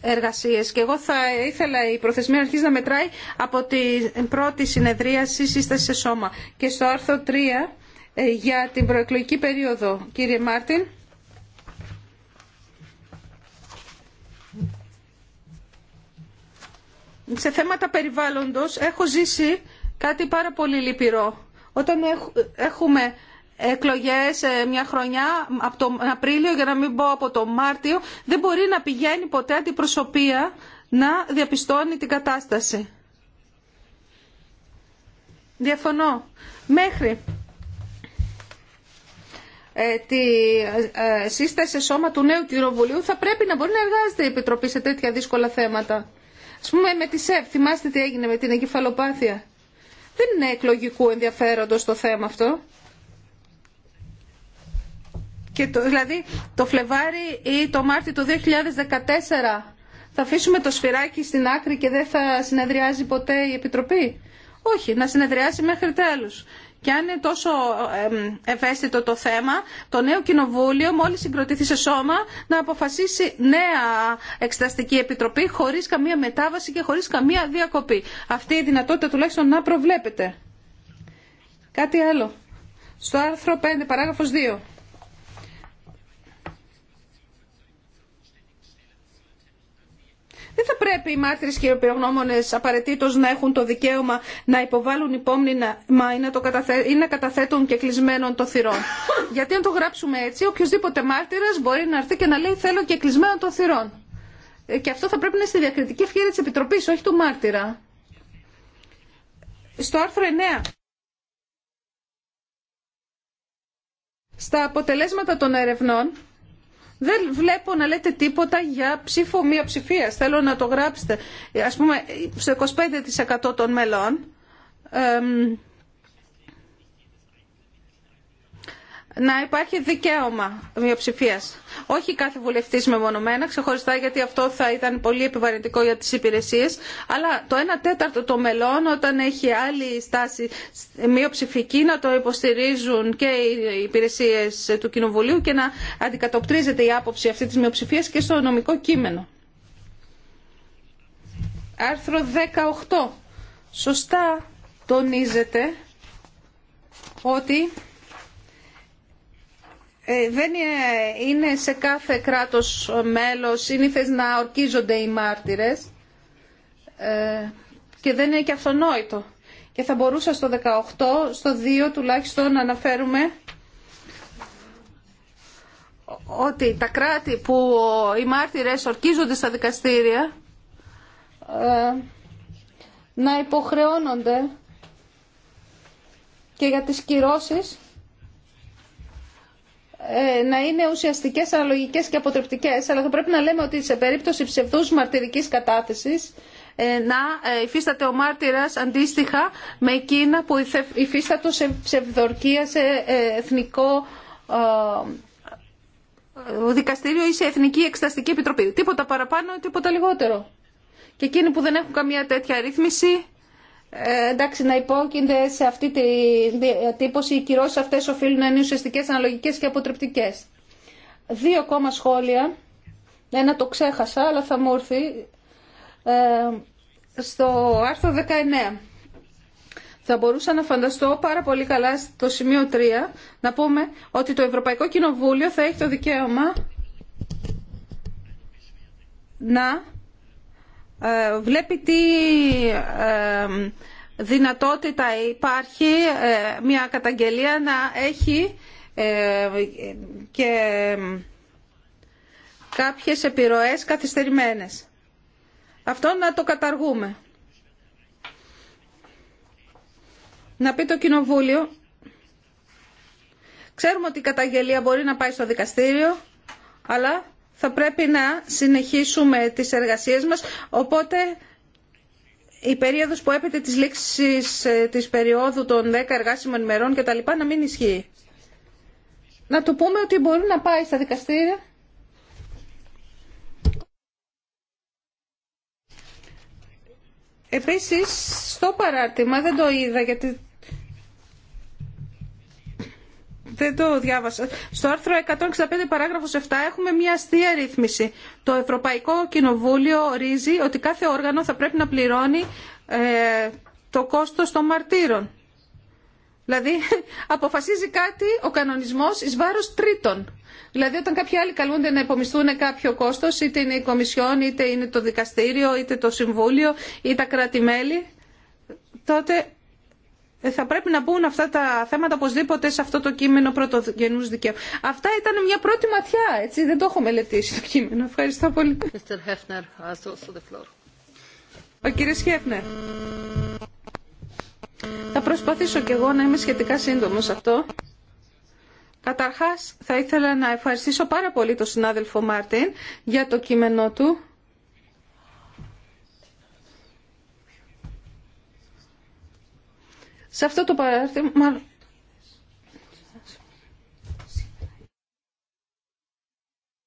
εργασίες. Και εγώ θα ήθελα η προθεσμία αρχής να μετράει από την πρώτη συνεδρίαση σύσταση σε σώμα. Και στο άρθρο 3 για την προεκλογική περίοδο, κύριε Μάρτιν, σε θέματα περιβάλλοντος έχω ζήσει κάτι πάρα πολύ λυπηρό. Όταν έχουμε εκλογές ε, μια χρονιά από τον Απρίλιο για να μην πω από τον Μάρτιο δεν μπορεί να πηγαίνει ποτέ αντιπροσωπεία να διαπιστώνει την κατάσταση. Διαφωνώ. Μέχρι ε, τη ε, σύσταση σώμα του νέου κοινοβουλίου θα πρέπει να μπορεί να εργάζεται η Επιτροπή σε τέτοια δύσκολα θέματα. Ας πούμε με τη ΣΕΒ. θυμάστε τι έγινε με την εγκεφαλοπάθεια. Δεν είναι εκλογικού ενδιαφέροντος το θέμα αυτό. Και το, δηλαδή το Φλεβάρι ή το Μάρτι το 2014 θα αφήσουμε το σφυράκι στην άκρη και δεν θα συνεδριάζει ποτέ η Επιτροπή. Όχι, να συνεδριάσει μέχρι τέλους. Και αν είναι τόσο ευαίσθητο το θέμα, το νέο κοινοβούλιο μόλις συγκροτηθεί σε σώμα να αποφασίσει νέα εξεταστική επιτροπή χωρίς καμία μετάβαση και χωρίς καμία διακοπή. Αυτή η δυνατότητα τουλάχιστον να προβλέπετε. Κάτι άλλο. Στο άρθρο 5, παράγραφος 2. Δεν θα πρέπει οι μάρτυρες και οι οπειρογνώμονε απαραίτητο να έχουν το δικαίωμα να υποβάλουν υπόμνημα ή να, ή να καταθέτουν και κλεισμένων το θυρών. Γιατί αν το γράψουμε έτσι, οποιοδήποτε μάρτυρας μπορεί να έρθει και να λέει θέλω και κλεισμένων το θυρών. Ε, και αυτό θα πρέπει να είναι στη διακριτική ευκαιρία τη επιτροπή, όχι του μάρτυρα. Στο άρθρο 9. Στα αποτελέσματα των ερευνών δεν βλέπω να λέτε τίποτα για ψήφο μία ψηφία. Θέλω να το γράψετε. Ας πούμε, στο 25% των μελών να υπάρχει δικαίωμα μειοψηφία. Όχι κάθε βουλευτή μεμονωμένα, ξεχωριστά, γιατί αυτό θα ήταν πολύ επιβαρυντικό για τι υπηρεσίε, αλλά το 1 τέταρτο των μελών, όταν έχει άλλη στάση μειοψηφική, να το υποστηρίζουν και οι υπηρεσίε του Κοινοβουλίου και να αντικατοπτρίζεται η άποψη αυτή τη μειοψηφία και στο νομικό κείμενο. Άρθρο 18. Σωστά τονίζεται ότι ε, δεν είναι σε κάθε κράτος μέλος συνήθως να ορκίζονται οι μάρτυρες ε, και δεν είναι και αυτονόητο. Και θα μπορούσα στο 18, στο 2 τουλάχιστον να αναφέρουμε ότι τα κράτη που οι μάρτυρες ορκίζονται στα δικαστήρια ε, να υποχρεώνονται και για τις κυρώσεις ε, να είναι ουσιαστικές, αναλογικέ και αποτρεπτικές, αλλά θα πρέπει να λέμε ότι σε περίπτωση ψευδούς μαρτυρικής κατάθεσης ε, να ε, υφίσταται ο μάρτυρας αντίστοιχα με εκείνα που υφίστατο σε ψευδορκία, σε εθνικό δικαστήριο ή σε εθνική εξεταστική επιτροπή. Τίποτα παραπάνω, τίποτα λιγότερο. Και εκείνοι που δεν έχουν καμία τέτοια ρύθμιση ε, εντάξει, να υπόκεινται σε αυτή τη διατύπωση. Οι κυρώσει αυτέ οφείλουν να είναι ουσιαστικέ, αναλογικέ και αποτρεπτικέ. Δύο ακόμα σχόλια. Ένα το ξέχασα, αλλά θα μου έρθει. Ε, στο άρθρο 19. Θα μπορούσα να φανταστώ πάρα πολύ καλά στο σημείο 3 να πούμε ότι το Ευρωπαϊκό Κοινοβούλιο θα έχει το δικαίωμα να ε, βλέπει τι ε, δυνατότητα υπάρχει ε, μια καταγγελία να έχει και κάποιες επιρροές καθυστερημένες. Αυτό να το καταργούμε. Να πει το Κοινοβούλιο. Ξέρουμε ότι η καταγγελία μπορεί να πάει στο δικαστήριο, αλλά θα πρέπει να συνεχίσουμε τις εργασίες μας, οπότε η περίοδος που έπεται της λήξης ε, της περίοδου των 10 εργάσιμων ημερών και τα λοιπά να μην ισχύει. Να του πούμε ότι μπορεί να πάει στα δικαστήρια. Επίσης, στο παράρτημα, δεν το είδα γιατί δεν το διάβασα. Στο άρθρο 165 παράγραφος 7 έχουμε μια αστεία ρύθμιση. Το Ευρωπαϊκό Κοινοβούλιο ορίζει ότι κάθε όργανο θα πρέπει να πληρώνει ε, το κόστος των μαρτύρων. Δηλαδή αποφασίζει κάτι ο κανονισμός εις βάρος τρίτων. Δηλαδή όταν κάποιοι άλλοι καλούνται να υπομισθούν κάποιο κόστος, είτε είναι η Κομισιόν, είτε είναι το Δικαστήριο, είτε το Συμβούλιο, είτε τα κράτη-μέλη, τότε ε, θα πρέπει να μπουν αυτά τα θέματα οπωσδήποτε σε αυτό το κείμενο πρωτογενού δικαίου. Αυτά ήταν μια πρώτη ματιά, έτσι. Δεν το έχω μελετήσει το κείμενο. Ευχαριστώ πολύ. Ο κύριο Χέφνερ. Θα προσπαθήσω κι εγώ να είμαι σχετικά σύντομο σε αυτό. Καταρχάς, θα ήθελα να ευχαριστήσω πάρα πολύ τον συνάδελφο Μάρτιν για το κείμενό του Σε αυτό το παράδειγμα...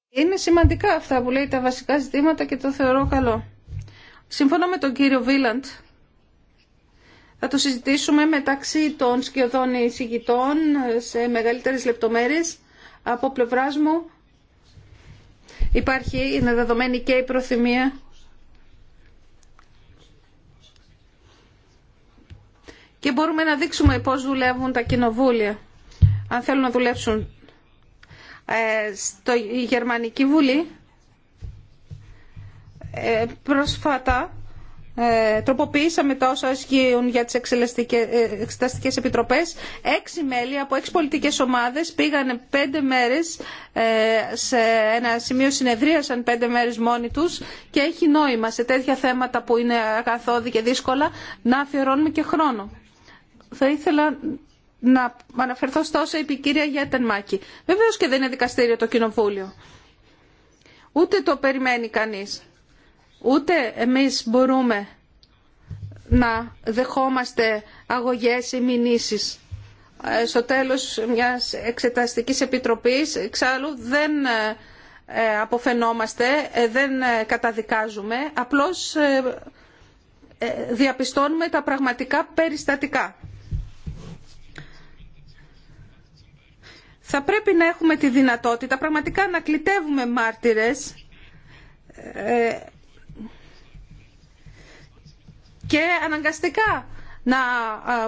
Είναι σημαντικά αυτά που λέει τα βασικά ζητήματα και το θεωρώ καλό. Σύμφωνα με τον κύριο Βίλαντ. Θα το συζητήσουμε μεταξύ των σχεδόν εισηγητών σε μεγαλύτερες λεπτομέρειες. Από πλευράς μου υπάρχει, είναι δεδομένη και η προθυμία και μπορούμε να δείξουμε πώς δουλεύουν τα κοινοβούλια. Αν θέλουν να δουλέψουν ε, στο Γερμανική Βουλή, ε, πρόσφατα ε, τροποποιήσαμε τα όσα για τις ε, εξεταστικές επιτροπές. Έξι μέλη από έξι πολιτικές ομάδες πήγανε πέντε μέρες σε ένα σημείο συνεδρίασαν πέντε μέρες μόνοι τους και έχει νόημα σε τέτοια θέματα που είναι καθόδη και δύσκολα να αφιερώνουμε και χρόνο θα ήθελα να αναφερθώ στα όσα είπε η κυρία Μάκη. Βεβαίως και δεν είναι δικαστήριο το κοινοβούλιο. Ούτε το περιμένει κανείς. Ούτε εμείς μπορούμε να δεχόμαστε αγωγές ή μηνύσεις. Ε, στο τέλος μιας εξεταστικής επιτροπής, εξάλλου δεν ε, ε, αποφαινόμαστε, δεν καταδικάζουμε, απλώς διαπιστώνουμε τα πραγματικά περιστατικά. θα πρέπει να έχουμε τη δυνατότητα πραγματικά να κλητεύουμε μάρτυρες ε, και αναγκαστικά να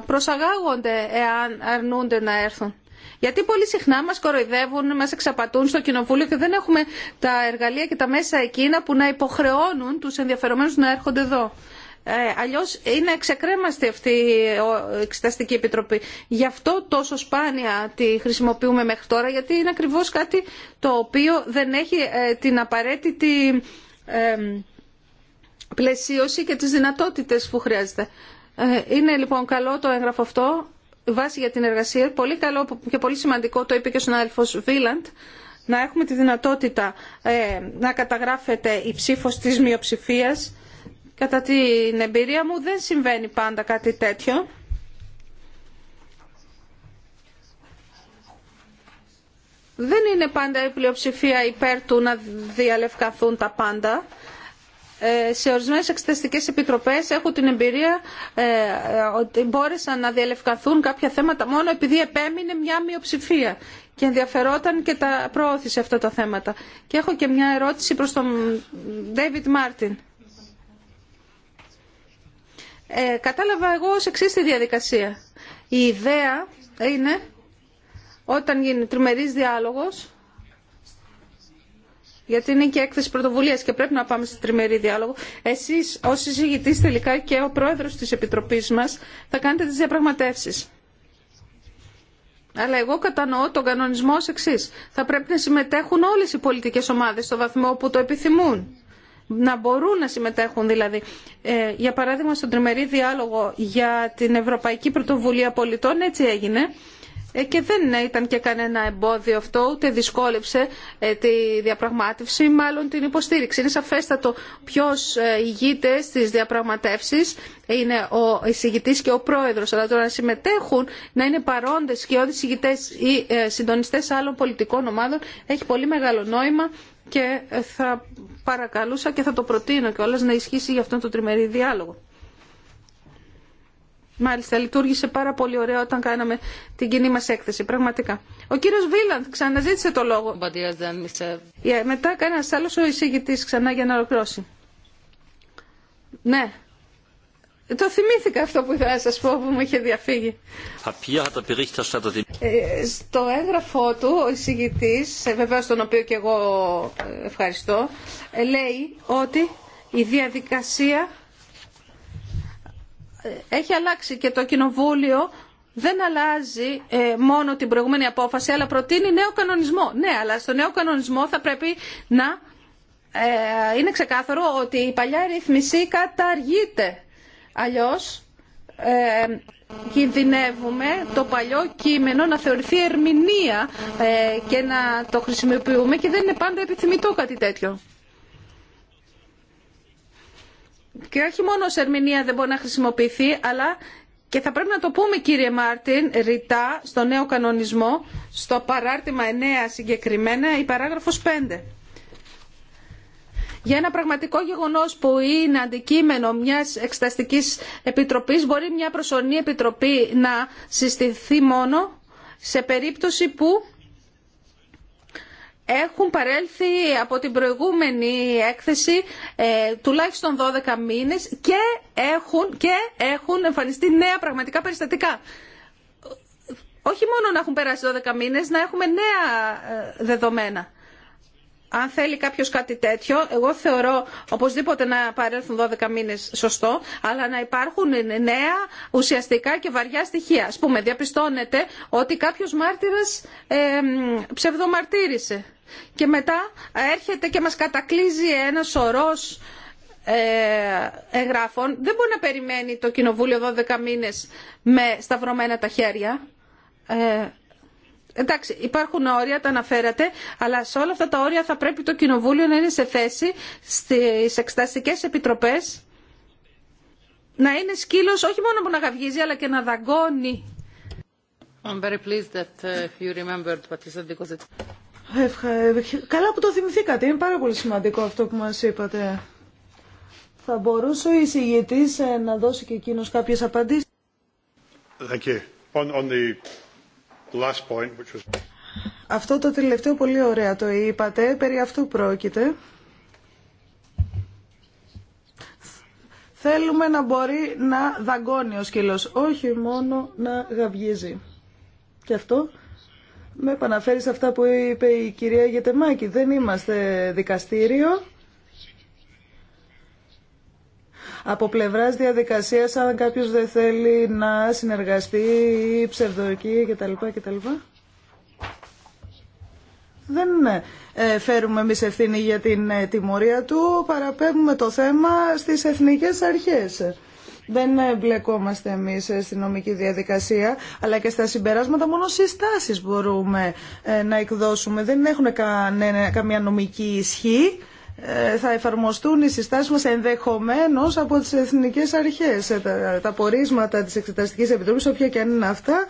προσαγάγονται εάν αρνούνται να έρθουν. Γιατί πολύ συχνά μας κοροϊδεύουν, μας εξαπατούν στο κοινοβούλιο και δεν έχουμε τα εργαλεία και τα μέσα εκείνα που να υποχρεώνουν τους ενδιαφερομένους να έρχονται εδώ. Ε, αλλιώς είναι εξεκρέμαστη αυτή η Εξεταστική Επιτροπή. Γι' αυτό τόσο σπάνια τη χρησιμοποιούμε μέχρι τώρα, γιατί είναι ακριβώς κάτι το οποίο δεν έχει ε, την απαραίτητη πλαισίωση και τις δυνατότητες που χρειάζεται. Ε, είναι λοιπόν καλό το έγγραφο αυτό, βάση για την εργασία. Πολύ καλό και πολύ σημαντικό, το είπε και ο συνάδελφος Βίλαντ, να έχουμε τη δυνατότητα να καταγράφεται η ψήφος της μειοψηφίας Κατά την εμπειρία μου δεν συμβαίνει πάντα κάτι τέτοιο. Δεν είναι πάντα η πλειοψηφία υπέρ του να διαλευκαθούν τα πάντα. Ε, σε ορισμένες εξεταστικές επιτροπές έχω την εμπειρία ε, ότι μπόρεσαν να διαλευκαθούν κάποια θέματα μόνο επειδή επέμεινε μια μειοψηφία και ενδιαφερόταν και τα προώθησε αυτά τα θέματα. Και έχω και μια ερώτηση προς τον David Μάρτιν. Ε, κατάλαβα εγώ ως εξής τη διαδικασία. Η ιδέα είναι όταν γίνει τριμερής διάλογος, γιατί είναι και έκθεση πρωτοβουλία και πρέπει να πάμε σε τριμερή διάλογο. Εσεί, ω συζητητή τελικά και ο πρόεδρο τη επιτροπής μα, θα κάνετε τι διαπραγματεύσει. Αλλά εγώ κατανοώ τον κανονισμό ω εξή. Θα πρέπει να συμμετέχουν όλε οι πολιτικέ ομάδε στο βαθμό που το επιθυμούν να μπορούν να συμμετέχουν δηλαδή. Ε, για παράδειγμα στον τριμερή διάλογο για την Ευρωπαϊκή Πρωτοβουλία Πολιτών έτσι έγινε ε, και δεν ήταν και κανένα εμπόδιο αυτό, ούτε δυσκόλεψε ε, τη διαπραγμάτευση, μάλλον την υποστήριξη. Είναι σαφέστατο ποιο ε, ηγείται στι διαπραγματεύσει, είναι ο εισηγητή και ο πρόεδρο. Αλλά τώρα να συμμετέχουν, να είναι παρόντε και όλοι εισηγητέ ή συντονιστέ άλλων πολιτικών ομάδων έχει πολύ μεγάλο νόημα και θα παρακαλούσα και θα το προτείνω κιόλα να ισχύσει για αυτόν τον τριμερή διάλογο. Μάλιστα, λειτουργήσε πάρα πολύ ωραία όταν κάναμε την κοινή μας έκθεση, πραγματικά. Ο κύριος Βίλαντ ξαναζήτησε το λόγο. Ε, μετά κανένα άλλο ο εισηγητή ξανά για να ολοκληρώσει. Ναι. Το θυμήθηκα αυτό που ήθελα να σα πω που μου είχε διαφύγει. Ε, στο έγγραφό του ο εισηγητή, ε, βεβαίω τον οποίο και εγώ ευχαριστώ, λέει ότι η διαδικασία ε, έχει αλλάξει και το Κοινοβούλιο δεν αλλάζει ε, μόνο την προηγούμενη απόφαση, αλλά προτείνει νέο κανονισμό. Ναι, αλλά στο νέο κανονισμό θα πρέπει να ε, είναι ξεκάθαρο ότι η παλιά ρύθμιση καταργείται. Αλλιώς ε, κινδυνεύουμε το παλιό κείμενο να θεωρηθεί ερμηνεία και να το χρησιμοποιούμε και δεν είναι πάντα επιθυμητό κάτι τέτοιο και όχι μόνο σε ερμηνεία δεν μπορεί να χρησιμοποιηθεί, αλλά και θα πρέπει να το πούμε κύριε Μάρτιν, ρητά στο νέο κανονισμό, στο παράρτημα 9 συγκεκριμένα, η παράγραφος 5. Για ένα πραγματικό γεγονός που είναι αντικείμενο μιας εξεταστικής επιτροπής, μπορεί μια προσωρινή επιτροπή να συστηθεί μόνο σε περίπτωση που έχουν παρέλθει από την προηγούμενη έκθεση ε, τουλάχιστον 12 μήνες και έχουν, και έχουν εμφανιστεί νέα πραγματικά περιστατικά. Όχι μόνο να έχουν περάσει 12 μήνες, να έχουμε νέα ε, δεδομένα. Αν θέλει κάποιος κάτι τέτοιο, εγώ θεωρώ οπωσδήποτε να παρέλθουν 12 μήνες σωστό, αλλά να υπάρχουν νέα ουσιαστικά και βαριά στοιχεία. Ας πούμε, διαπιστώνεται ότι κάποιος μάρτυρας ε, ψευδομαρτύρησε και μετά έρχεται και μας κατακλίζει ένα σωρός ε, εγγράφων. Δεν μπορεί να περιμένει το Κοινοβούλιο 12 μήνες με σταυρωμένα τα χέρια. Ε, εντάξει, υπάρχουν όρια, τα αναφέρατε, αλλά σε όλα αυτά τα όρια θα πρέπει το Κοινοβούλιο να είναι σε θέση στις εξεταστικές επιτροπές να είναι σκύλος όχι μόνο που να γαυγίζει αλλά και να δαγκώνει. I'm very pleased that uh, you remembered what Καλά που το θυμηθήκατε. Είναι πάρα πολύ σημαντικό αυτό που μας είπατε. Θα μπορούσε ο εισηγητής ε, να δώσει και εκείνος κάποιες απαντήσεις. Thank you. On, on the last point, which was... Αυτό το τελευταίο πολύ ωραία το είπατε. Περί αυτού πρόκειται. Θέλουμε να μπορεί να δαγκώνει ο σκύλος, όχι μόνο να γαυγίζει. Και αυτό με επαναφέρει σε αυτά που είπε η κυρία Γετεμάκη. Δεν είμαστε δικαστήριο. Από πλευρά διαδικασία αν κάποιο δεν θέλει να συνεργαστεί ή ψευδοκεί κτλ. κτλ. Δεν ε, φέρουμε εμεί ευθύνη για την ε, τιμωρία του, παραπέμπουμε το θέμα στις εθνικές αρχές. Δεν μπλεκόμαστε εμείς ε, στη νομική διαδικασία, αλλά και στα συμπεράσματα μόνο συστάσεις μπορούμε ε, να εκδώσουμε. Δεν έχουν καμία νομική ισχύ ε, θα εφαρμοστούν οι συστάσεις μας ενδεχομένως από τις εθνικές αρχές. Τα, τα πορίσματα της Εξεταστικής Επιτροπής, όποια και αν είναι αυτά,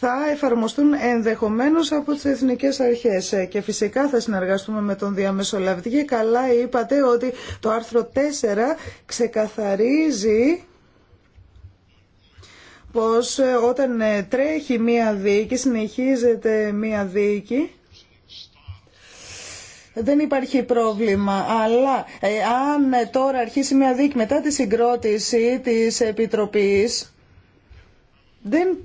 θα εφαρμοστούν ενδεχομένως από τις εθνικές αρχές. Και φυσικά θα συνεργαστούμε με τον διαμεσολαβητή και καλά είπατε ότι το άρθρο 4 ξεκαθαρίζει πως ε, όταν ε, τρέχει μία δίκη, συνεχίζεται μία δίκη, δεν υπάρχει πρόβλημα, αλλά ε, αν τώρα αρχίσει μία δίκη μετά τη συγκρότηση της Επιτροπής, δεν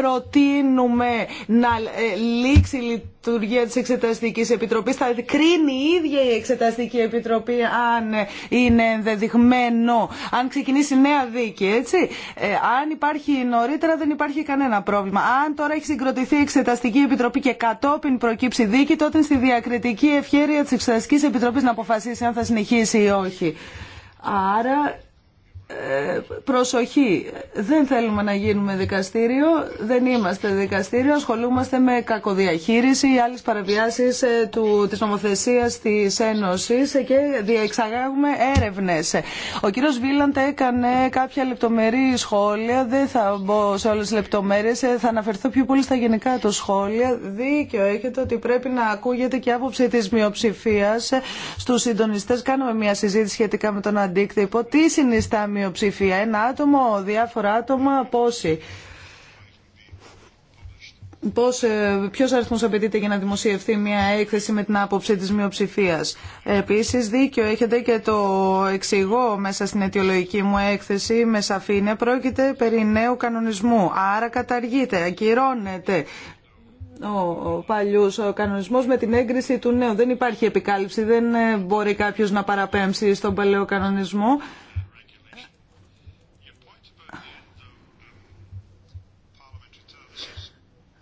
προτείνουμε να ε, λήξει η λειτουργία της Εξεταστικής Επιτροπής. Θα κρίνει η ίδια η Εξεταστική Επιτροπή αν είναι ενδεδειγμένο, αν ξεκινήσει νέα δίκη, έτσι. Ε, αν υπάρχει νωρίτερα δεν υπάρχει κανένα πρόβλημα. Αν τώρα έχει συγκροτηθεί η Εξεταστική Επιτροπή και κατόπιν προκύψει δίκη, τότε στη διακριτική ευχέρεια της Εξεταστικής Επιτροπής να αποφασίσει αν θα συνεχίσει ή όχι. Άρα προσοχή, δεν θέλουμε να γίνουμε δικαστήριο, δεν είμαστε δικαστήριο, ασχολούμαστε με κακοδιαχείριση ή άλλες παραβιάσεις ε, του, της νομοθεσίας της Ένωσης και διεξαγάγουμε έρευνες. Ο κύριος Βίλαντ έκανε κάποια λεπτομερή σχόλια, δεν θα μπω σε όλες τις λεπτομέρειες, ε, θα αναφερθώ πιο πολύ στα γενικά του σχόλια. Δίκιο έχετε ότι πρέπει να ακούγεται και άποψη της μειοψηφίας. Στους συντονιστές κάνουμε μια συζήτηση σχετικά με τον αντίκτυπο. Τι συνιστά μειοψηφία. Ένα άτομο, διάφορα άτομα, πόσοι. Πώς, ε, ποιος αριθμός απαιτείται για να δημοσιευθεί μια έκθεση με την άποψη της μειοψηφία. Επίσης δίκιο έχετε και το εξηγώ μέσα στην αιτιολογική μου έκθεση με σαφήνεια πρόκειται περί νέου κανονισμού. Άρα καταργείται, ακυρώνεται ο παλιός ο κανονισμός με την έγκριση του νέου. Δεν υπάρχει επικάλυψη, δεν ε, μπορεί κάποιος να παραπέμψει στον παλαιό κανονισμό.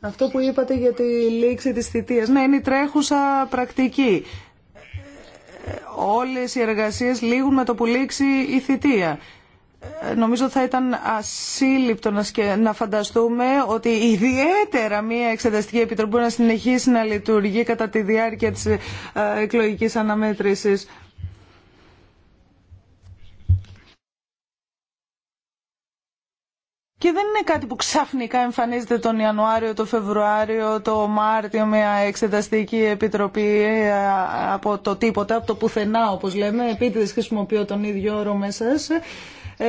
Αυτό που είπατε για τη λήξη της θητείας. Ναι, είναι η τρέχουσα πρακτική. Όλες οι εργασίες λήγουν με το που λήξει η θητεία. Νομίζω θα ήταν ασύλληπτο να φανταστούμε ότι ιδιαίτερα μια εξεταστική επιτροπή να συνεχίσει να λειτουργεί κατά τη διάρκεια της ε, εκλογικής αναμέτρησης. Και δεν είναι κάτι που ξαφνικά εμφανίζεται τον Ιανουάριο, τον Φεβρουάριο, το Μάρτιο, με εξεταστική επιτροπή ε, από το τίποτα, από το πουθενά όπως λέμε, επίτηδες χρησιμοποιώ τον ίδιο όρο μέσα ε,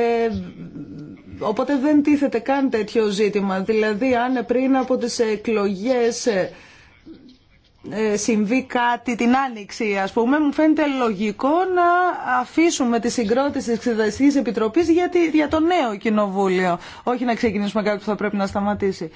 οπότε δεν τίθεται καν τέτοιο ζήτημα. Δηλαδή αν πριν από τις εκλογές ε, ε, συμβεί κάτι την άνοιξη ας πούμε μου φαίνεται λογικό να αφήσουμε τη συγκρότηση τη Εξεταστική Επιτροπής για, για το νέο κοινοβούλιο όχι να ξεκινήσουμε κάτι που θα πρέπει να σταματήσει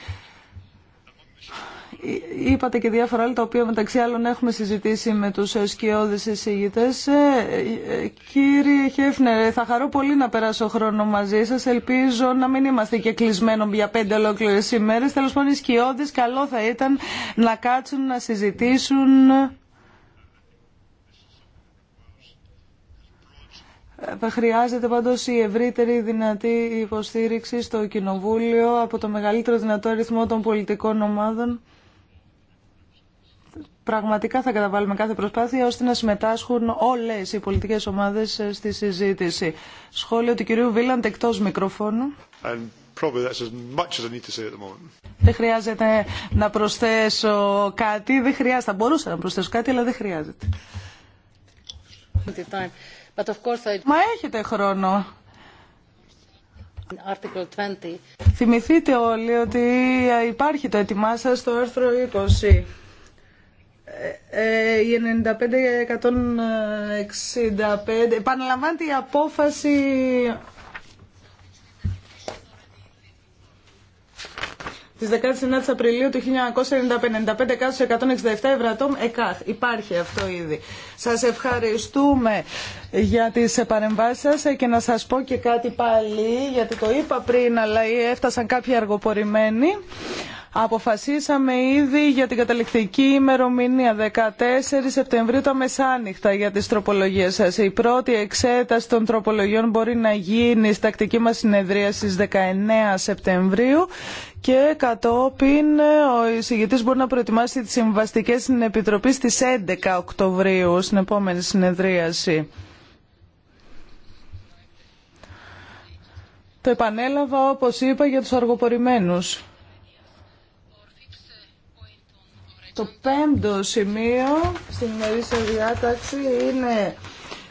Είπατε και διάφορα άλλα τα οποία μεταξύ άλλων έχουμε συζητήσει με τους σκιώδεις εισηγητές. Ε, κύριε Χέφνερ, θα χαρώ πολύ να περάσω χρόνο μαζί σας. Ελπίζω να μην είμαστε και κλεισμένοι για πέντε ολόκληρε ημέρες. Τέλος πάντων, οι σκιώδεις καλό θα ήταν να κάτσουν, να συζητήσουν... Ε, χρειάζεται πάντως η ευρύτερη δυνατή υποστήριξη στο Κοινοβούλιο από το μεγαλύτερο δυνατό αριθμό των πολιτικών ομάδων πραγματικά θα καταβάλουμε κάθε προσπάθεια ώστε να συμμετάσχουν όλες οι πολιτικές ομάδες ε, στη συζήτηση. Σχόλιο του κυρίου Βίλαντ εκτό μικροφώνου. Δεν χρειάζεται να προσθέσω κάτι, δεν χρειάζεται. Μπορούσα να προσθέσω κάτι, αλλά δεν χρειάζεται. Μα έχετε χρόνο. Θυμηθείτε όλοι ότι υπάρχει το έτοιμά σας στο άρθρο 20. Ε, ε, η 95-165 επαναλαμβάνεται η απόφαση Τη 19η Απριλίου του 1995, κάτω 167 ευρατών Υπάρχει αυτό ήδη. Σας ευχαριστούμε για τι παρεμβάσει σα και να σας πω και κάτι πάλι, γιατί το είπα πριν, αλλά έφτασαν κάποιοι αργοπορημένοι. Αποφασίσαμε ήδη για την καταληκτική ημερομηνία 14 Σεπτεμβρίου τα μεσάνυχτα για τις τροπολογίες σας. Η πρώτη εξέταση των τροπολογιών μπορεί να γίνει στην τακτική μας συνεδρία στις 19 Σεπτεμβρίου και κατόπιν ε, ο εισηγητής μπορεί να προετοιμάσει τις συμβαστικές στην Επιτροπή στις 11 Οκτωβρίου στην επόμενη συνεδρίαση. Το επανέλαβα όπως είπα για τους αργοπορημένους. Το πέμπτο σημείο στην ημερήσια διάταξη είναι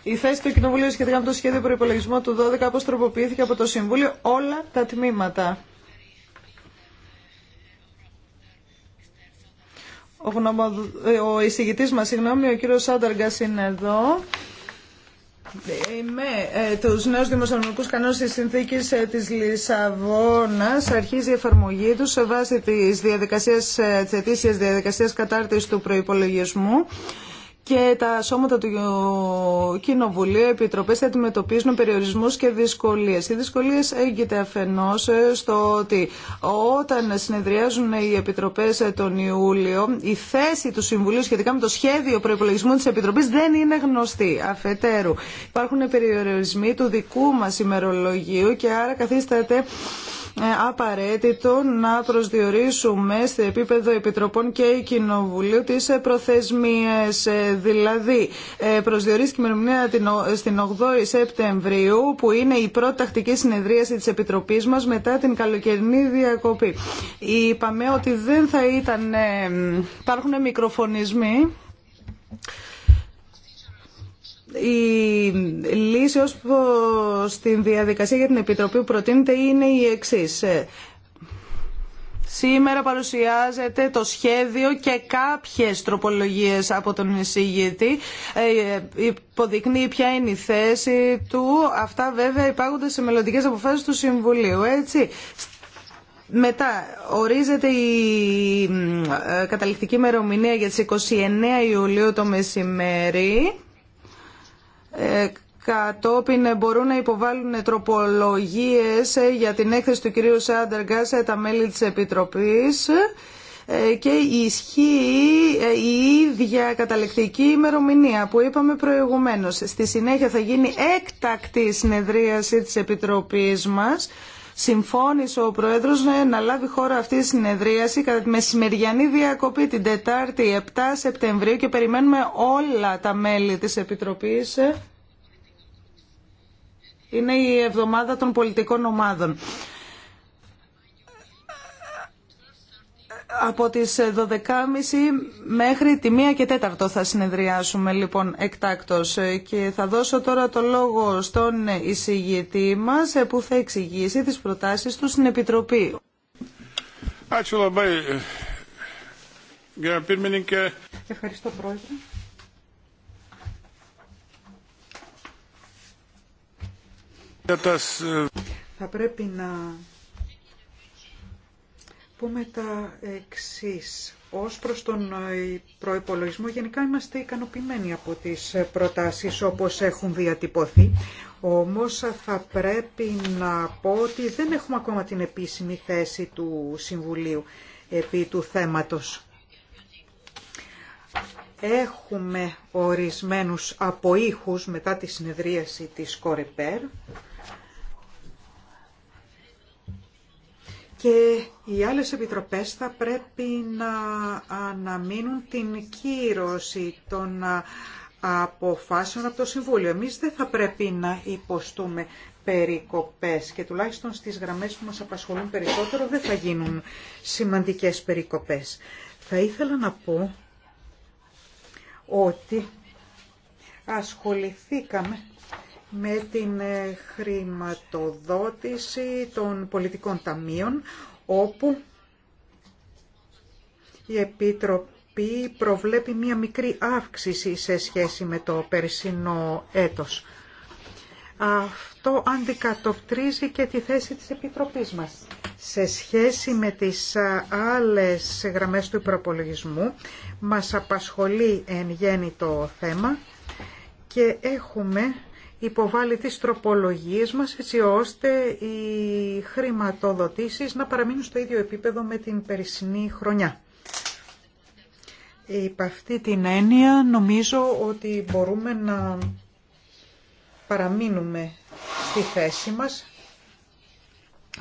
η θέση του Κοινοβουλίου σχετικά με το σχέδιο προπολογισμού του 12 όπως τροποποιήθηκε από το Συμβούλιο όλα τα τμήματα. Ο, ε, ο εισηγητής μας, συγγνώμη, ο κύριος Σάνταργκας, είναι εδώ με ε, τους νέους δημοσιονομικούς κανόνες της συνθήκης ε, Λισαβόνας αρχίζει η εφαρμογή του σε βάση της διαδικασίας, ε, κατάρτιση διαδικασίας του προϋπολογισμού και τα σώματα του Κοινοβουλίου, επιτροπέ θα αντιμετωπίζουν περιορισμού και δυσκολίε. Οι δυσκολίε έγκυται αφενό στο ότι όταν συνεδριάζουν οι επιτροπέ τον Ιούλιο, η θέση του Συμβουλίου σχετικά με το σχέδιο προπολογισμού τη Επιτροπή δεν είναι γνωστή. Αφετέρου, υπάρχουν περιορισμοί του δικού μα ημερολογίου και άρα καθίσταται ε, απαραίτητο να προσδιορίσουμε σε επίπεδο επιτροπών και κοινοβουλίου τις ε, προθεσμίες. Ε, δηλαδή, προσδιορίστηκε η ημερομηνία στην 8η Σεπτεμβρίου, που είναι η πρώτη τακτική συνεδρίαση της Επιτροπής μας μετά την καλοκαιρινή διακοπή. Είπαμε ότι δεν θα ήταν... υπάρχουν μικροφωνισμοί η λύση ως στην διαδικασία για την Επιτροπή που προτείνεται είναι η εξής. Ε, σήμερα παρουσιάζεται το σχέδιο και κάποιες τροπολογίες από τον εισηγητή. Ε, υποδεικνύει ποια είναι η θέση του. Αυτά βέβαια υπάρχουν σε μελλοντικές αποφάσεις του Συμβουλίου. Έτσι. Μετά ορίζεται η ε, καταληκτική μερομηνία για τις 29 Ιουλίου το μεσημέρι κατόπιν μπορούν να υποβάλουν τροπολογίες ε, για την έκθεση του κυρίου Σάντεργκα ε, τα μέλη της Επιτροπής ε, και ισχύει η ίδια καταληκτική ημερομηνία που είπαμε προηγουμένως. Στη συνέχεια θα γίνει έκτακτη συνεδρίαση της Επιτροπής μας συμφώνησε ο Πρόεδρος ναι, να λάβει χώρα αυτή η συνεδρίαση κατά τη μεσημεριανή διακοπή την Τετάρτη 7 Σεπτεμβρίου και περιμένουμε όλα τα μέλη της Επιτροπής. Είναι η εβδομάδα των πολιτικών ομάδων. Από τις 12.30 ε, μέχρι τη 1 και 4 θα συνεδριάσουμε λοιπόν εκτάκτως ε, και θα δώσω τώρα το λόγο στον εισηγητή μας ε, που θα εξηγήσει τις προτάσεις του στην Επιτροπή. Ευχαριστώ Πρόεδρε. Θα πρέπει να πούμε τα εξής. Ως προς τον ε, προπολογισμό, γενικά είμαστε ικανοποιημένοι από τις ε, προτάσεις όπως έχουν διατυπωθεί. Όμως ε, θα πρέπει να πω ότι δεν έχουμε ακόμα την επίσημη θέση του Συμβουλίου επί του θέματος. Έχουμε ορισμένους αποήχους μετά τη συνεδρίαση της Κορεπέρ και οι άλλες επιτροπές θα πρέπει να αναμείνουν την κύρωση των αποφάσεων από το Συμβούλιο. Εμείς δεν θα πρέπει να υποστούμε περικοπές και τουλάχιστον στις γραμμές που μας απασχολούν περισσότερο δεν θα γίνουν σημαντικές περικοπές. Θα ήθελα να πω ότι ασχοληθήκαμε με την ε, χρηματοδότηση των πολιτικών ταμείων, όπου η Επίτροπη προβλέπει μία μικρή αύξηση σε σχέση με το περσινό έτος. Αυτό αντικατοπτρίζει και τη θέση της Επιτροπής μας. Σε σχέση με τις άλλες γραμμές του υπεροπολογισμού, μας απασχολεί εν γέννη το θέμα και έχουμε υποβάλει τις τροπολογίες μας έτσι ώστε οι χρηματοδοτήσεις να παραμείνουν στο ίδιο επίπεδο με την περσινή χρονιά. Υπ' αυτή την έννοια νομίζω ότι μπορούμε να παραμείνουμε στη θέση μας.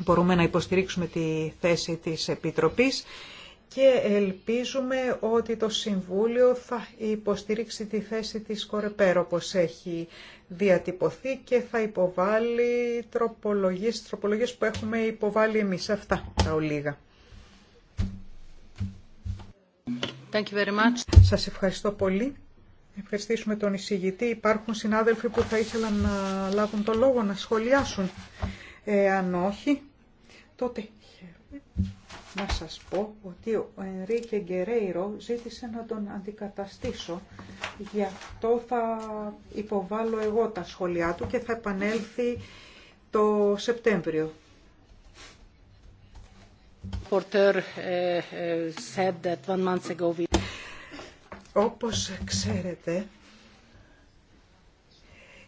Μπορούμε να υποστηρίξουμε τη θέση της Επιτροπής και ελπίζουμε ότι το Συμβούλιο θα υποστηρίξει τη θέση της Κορεπέρ όπως έχει διατυπωθεί και θα υποβάλει τροπολογίες, τροπολογίες που έχουμε υποβάλει εμείς. Αυτά τα ολίγα. Thank you very much. Σας ευχαριστώ πολύ. Ευχαριστήσουμε τον εισηγητή. Υπάρχουν συνάδελφοι που θα ήθελαν να λάβουν το λόγο, να σχολιάσουν. Ε, αν όχι, τότε να σας πω ότι ο Ενρίκε Γκερέιρο ζήτησε να τον αντικαταστήσω. Γι' αυτό θα υποβάλω εγώ τα σχόλιά του και θα επανέλθει το Σεπτέμβριο. Ε, ε, Όπως ξέρετε,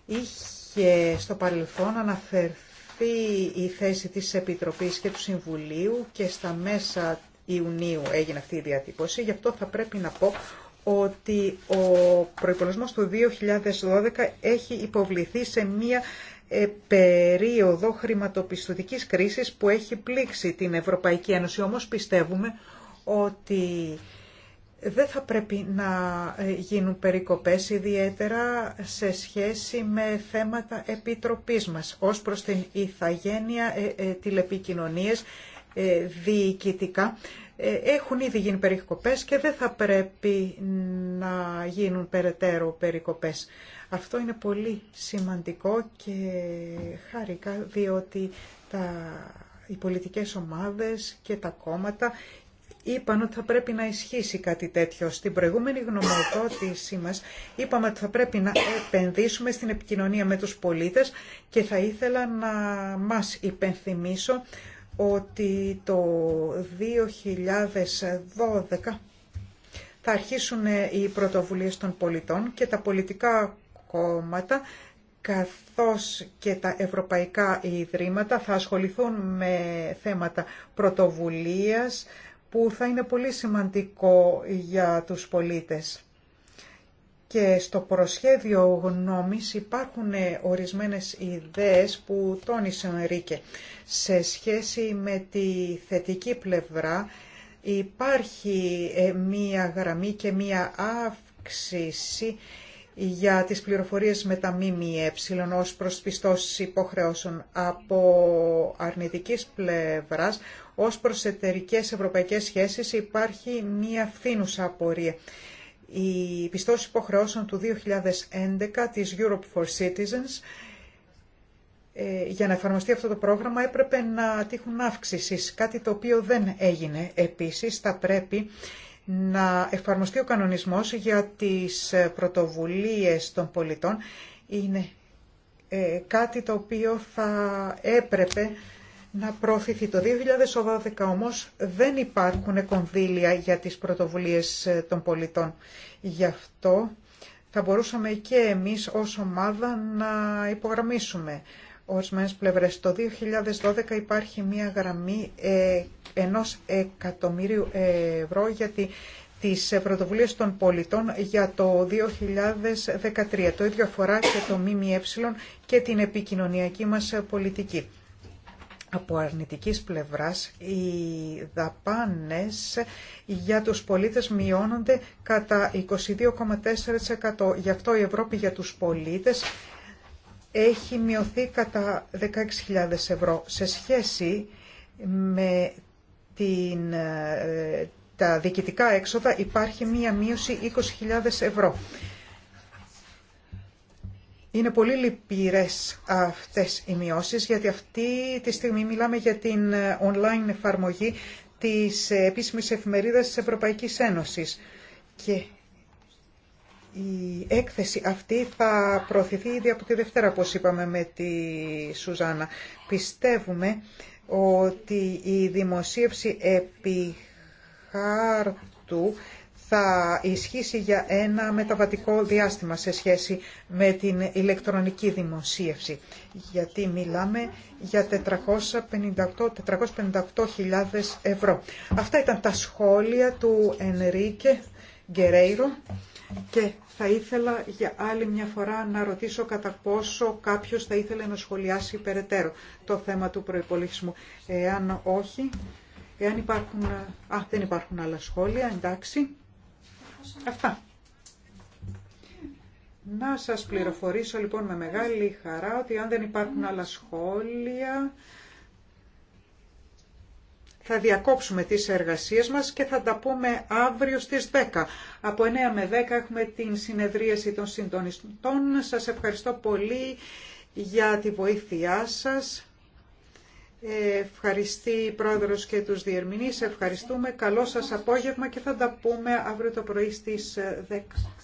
είχε στο παρελθόν αναφερθεί αυτή η θέση της Επιτροπής και του Συμβουλίου και στα μέσα Ιουνίου έγινε αυτή η διατύπωση. Γι' αυτό θα πρέπει να πω ότι ο προϋπολογισμός του 2012 έχει υποβληθεί σε μία ε, περίοδο χρηματοπιστωτικής κρίσης που έχει πλήξει την Ευρωπαϊκή Ένωση. Όμως πιστεύουμε ότι δεν θα πρέπει να ε, γίνουν περικοπές ιδιαίτερα σε σχέση με θέματα επιτροπής μας ως προς την ηθαγένεια, ε, ε, τηλεπικοινωνίες, διοικητικά. Έχουν ήδη γίνει περικοπές και δεν θα πρέπει να γίνουν περαιτέρω περικοπές. Αυτό είναι πολύ σημαντικό και χάρηκα διότι τα οι πολιτικές ομάδες και τα κόμματα είπαν ότι θα πρέπει να ισχύσει κάτι τέτοιο. Στην προηγούμενη γνωμοδότησή μας είπαμε ότι θα πρέπει να επενδύσουμε στην επικοινωνία με τους πολίτες και θα ήθελα να μας υπενθυμίσω ότι το 2012 θα αρχίσουν οι πρωτοβουλίες των πολιτών και τα πολιτικά κόμματα καθώς και τα ευρωπαϊκά ιδρύματα θα ασχοληθούν με θέματα πρωτοβουλίας, που θα είναι πολύ σημαντικό για τους πολίτες. Και στο προσχέδιο γνώμης υπάρχουν ορισμένες ιδέες που τόνισε ο Σε σχέση με τη θετική πλευρά υπάρχει ε, μία γραμμή και μία αύξηση για τις πληροφορίες με τα ΜΜΕ ως προς πιστώσεις υποχρεώσεων από αρνητικής πλευράς ως προς εταιρικές ευρωπαϊκές σχέσεις υπάρχει μία φθήνουσα απορία. Η πιστώσεις υποχρεώσεων του 2011 της Europe for Citizens ε, για να εφαρμοστεί αυτό το πρόγραμμα έπρεπε να τύχουν αύξησης, κάτι το οποίο δεν έγινε. Επίσης θα πρέπει να εφαρμοστεί ο κανονισμός για τις ε, πρωτοβουλίες των πολιτών είναι ε, κάτι το οποίο θα έπρεπε να προωθηθεί. Το 2012 όμως δεν υπάρχουν κονδύλια για τις πρωτοβουλίες ε, των πολιτών. Γι' αυτό θα μπορούσαμε και εμείς ως ομάδα να υπογραμμίσουμε ορισμένες πλευρές. Το 2012 υπάρχει μια γραμμή ε, ενός εκατομμύριου ευρώ για τη, τις πρωτοβουλίες των πολιτών για το 2013. Το ίδιο αφορά και το ΜΜΕ και την επικοινωνιακή μας πολιτική. Από αρνητικής πλευράς, οι δαπάνες για τους πολίτες μειώνονται κατά 22,4%. Γι' αυτό η Ευρώπη για τους πολίτες έχει μειωθεί κατά 16.000 ευρώ σε σχέση με την, ε, τα διοικητικά έξοδα υπάρχει μία μείωση 20.000 ευρώ. Είναι πολύ λυπηρές αυτές οι μειώσεις γιατί αυτή τη στιγμή μιλάμε για την ε, online εφαρμογή της ε, επίσημης εφημερίδας της Ευρωπαϊκής Ένωσης και η έκθεση αυτή θα προωθηθεί ήδη από τη Δευτέρα, όπως είπαμε με τη Σουζάνα. Πιστεύουμε ότι η δημοσίευση επί χάρτου θα ισχύσει για ένα μεταβατικό διάστημα σε σχέση με την ηλεκτρονική δημοσίευση. Γιατί μιλάμε για 458.000 ευρώ. Αυτά ήταν τα σχόλια του Ενρίκε Γκερέιρο και θα ήθελα για άλλη μια φορά να ρωτήσω κατά πόσο κάποιος θα ήθελε να σχολιάσει περαιτέρω το θέμα του προϋπολογισμού. Εάν όχι, εάν υπάρχουν... Α, δεν υπάρχουν άλλα σχόλια, εντάξει. Αυτά. Να σας πληροφορήσω λοιπόν με μεγάλη χαρά ότι αν δεν υπάρχουν άλλα σχόλια θα διακόψουμε τις εργασίες μας και θα τα πούμε αύριο στις 10. Από 9 με 10 έχουμε την συνεδρίαση των συντονιστών. Σας ευχαριστώ πολύ για τη βοήθειά σας. Ευχαριστεί η Πρόεδρος και τους διερμηνείς. Ευχαριστούμε. Καλό σας απόγευμα και θα τα πούμε αύριο το πρωί στις 10.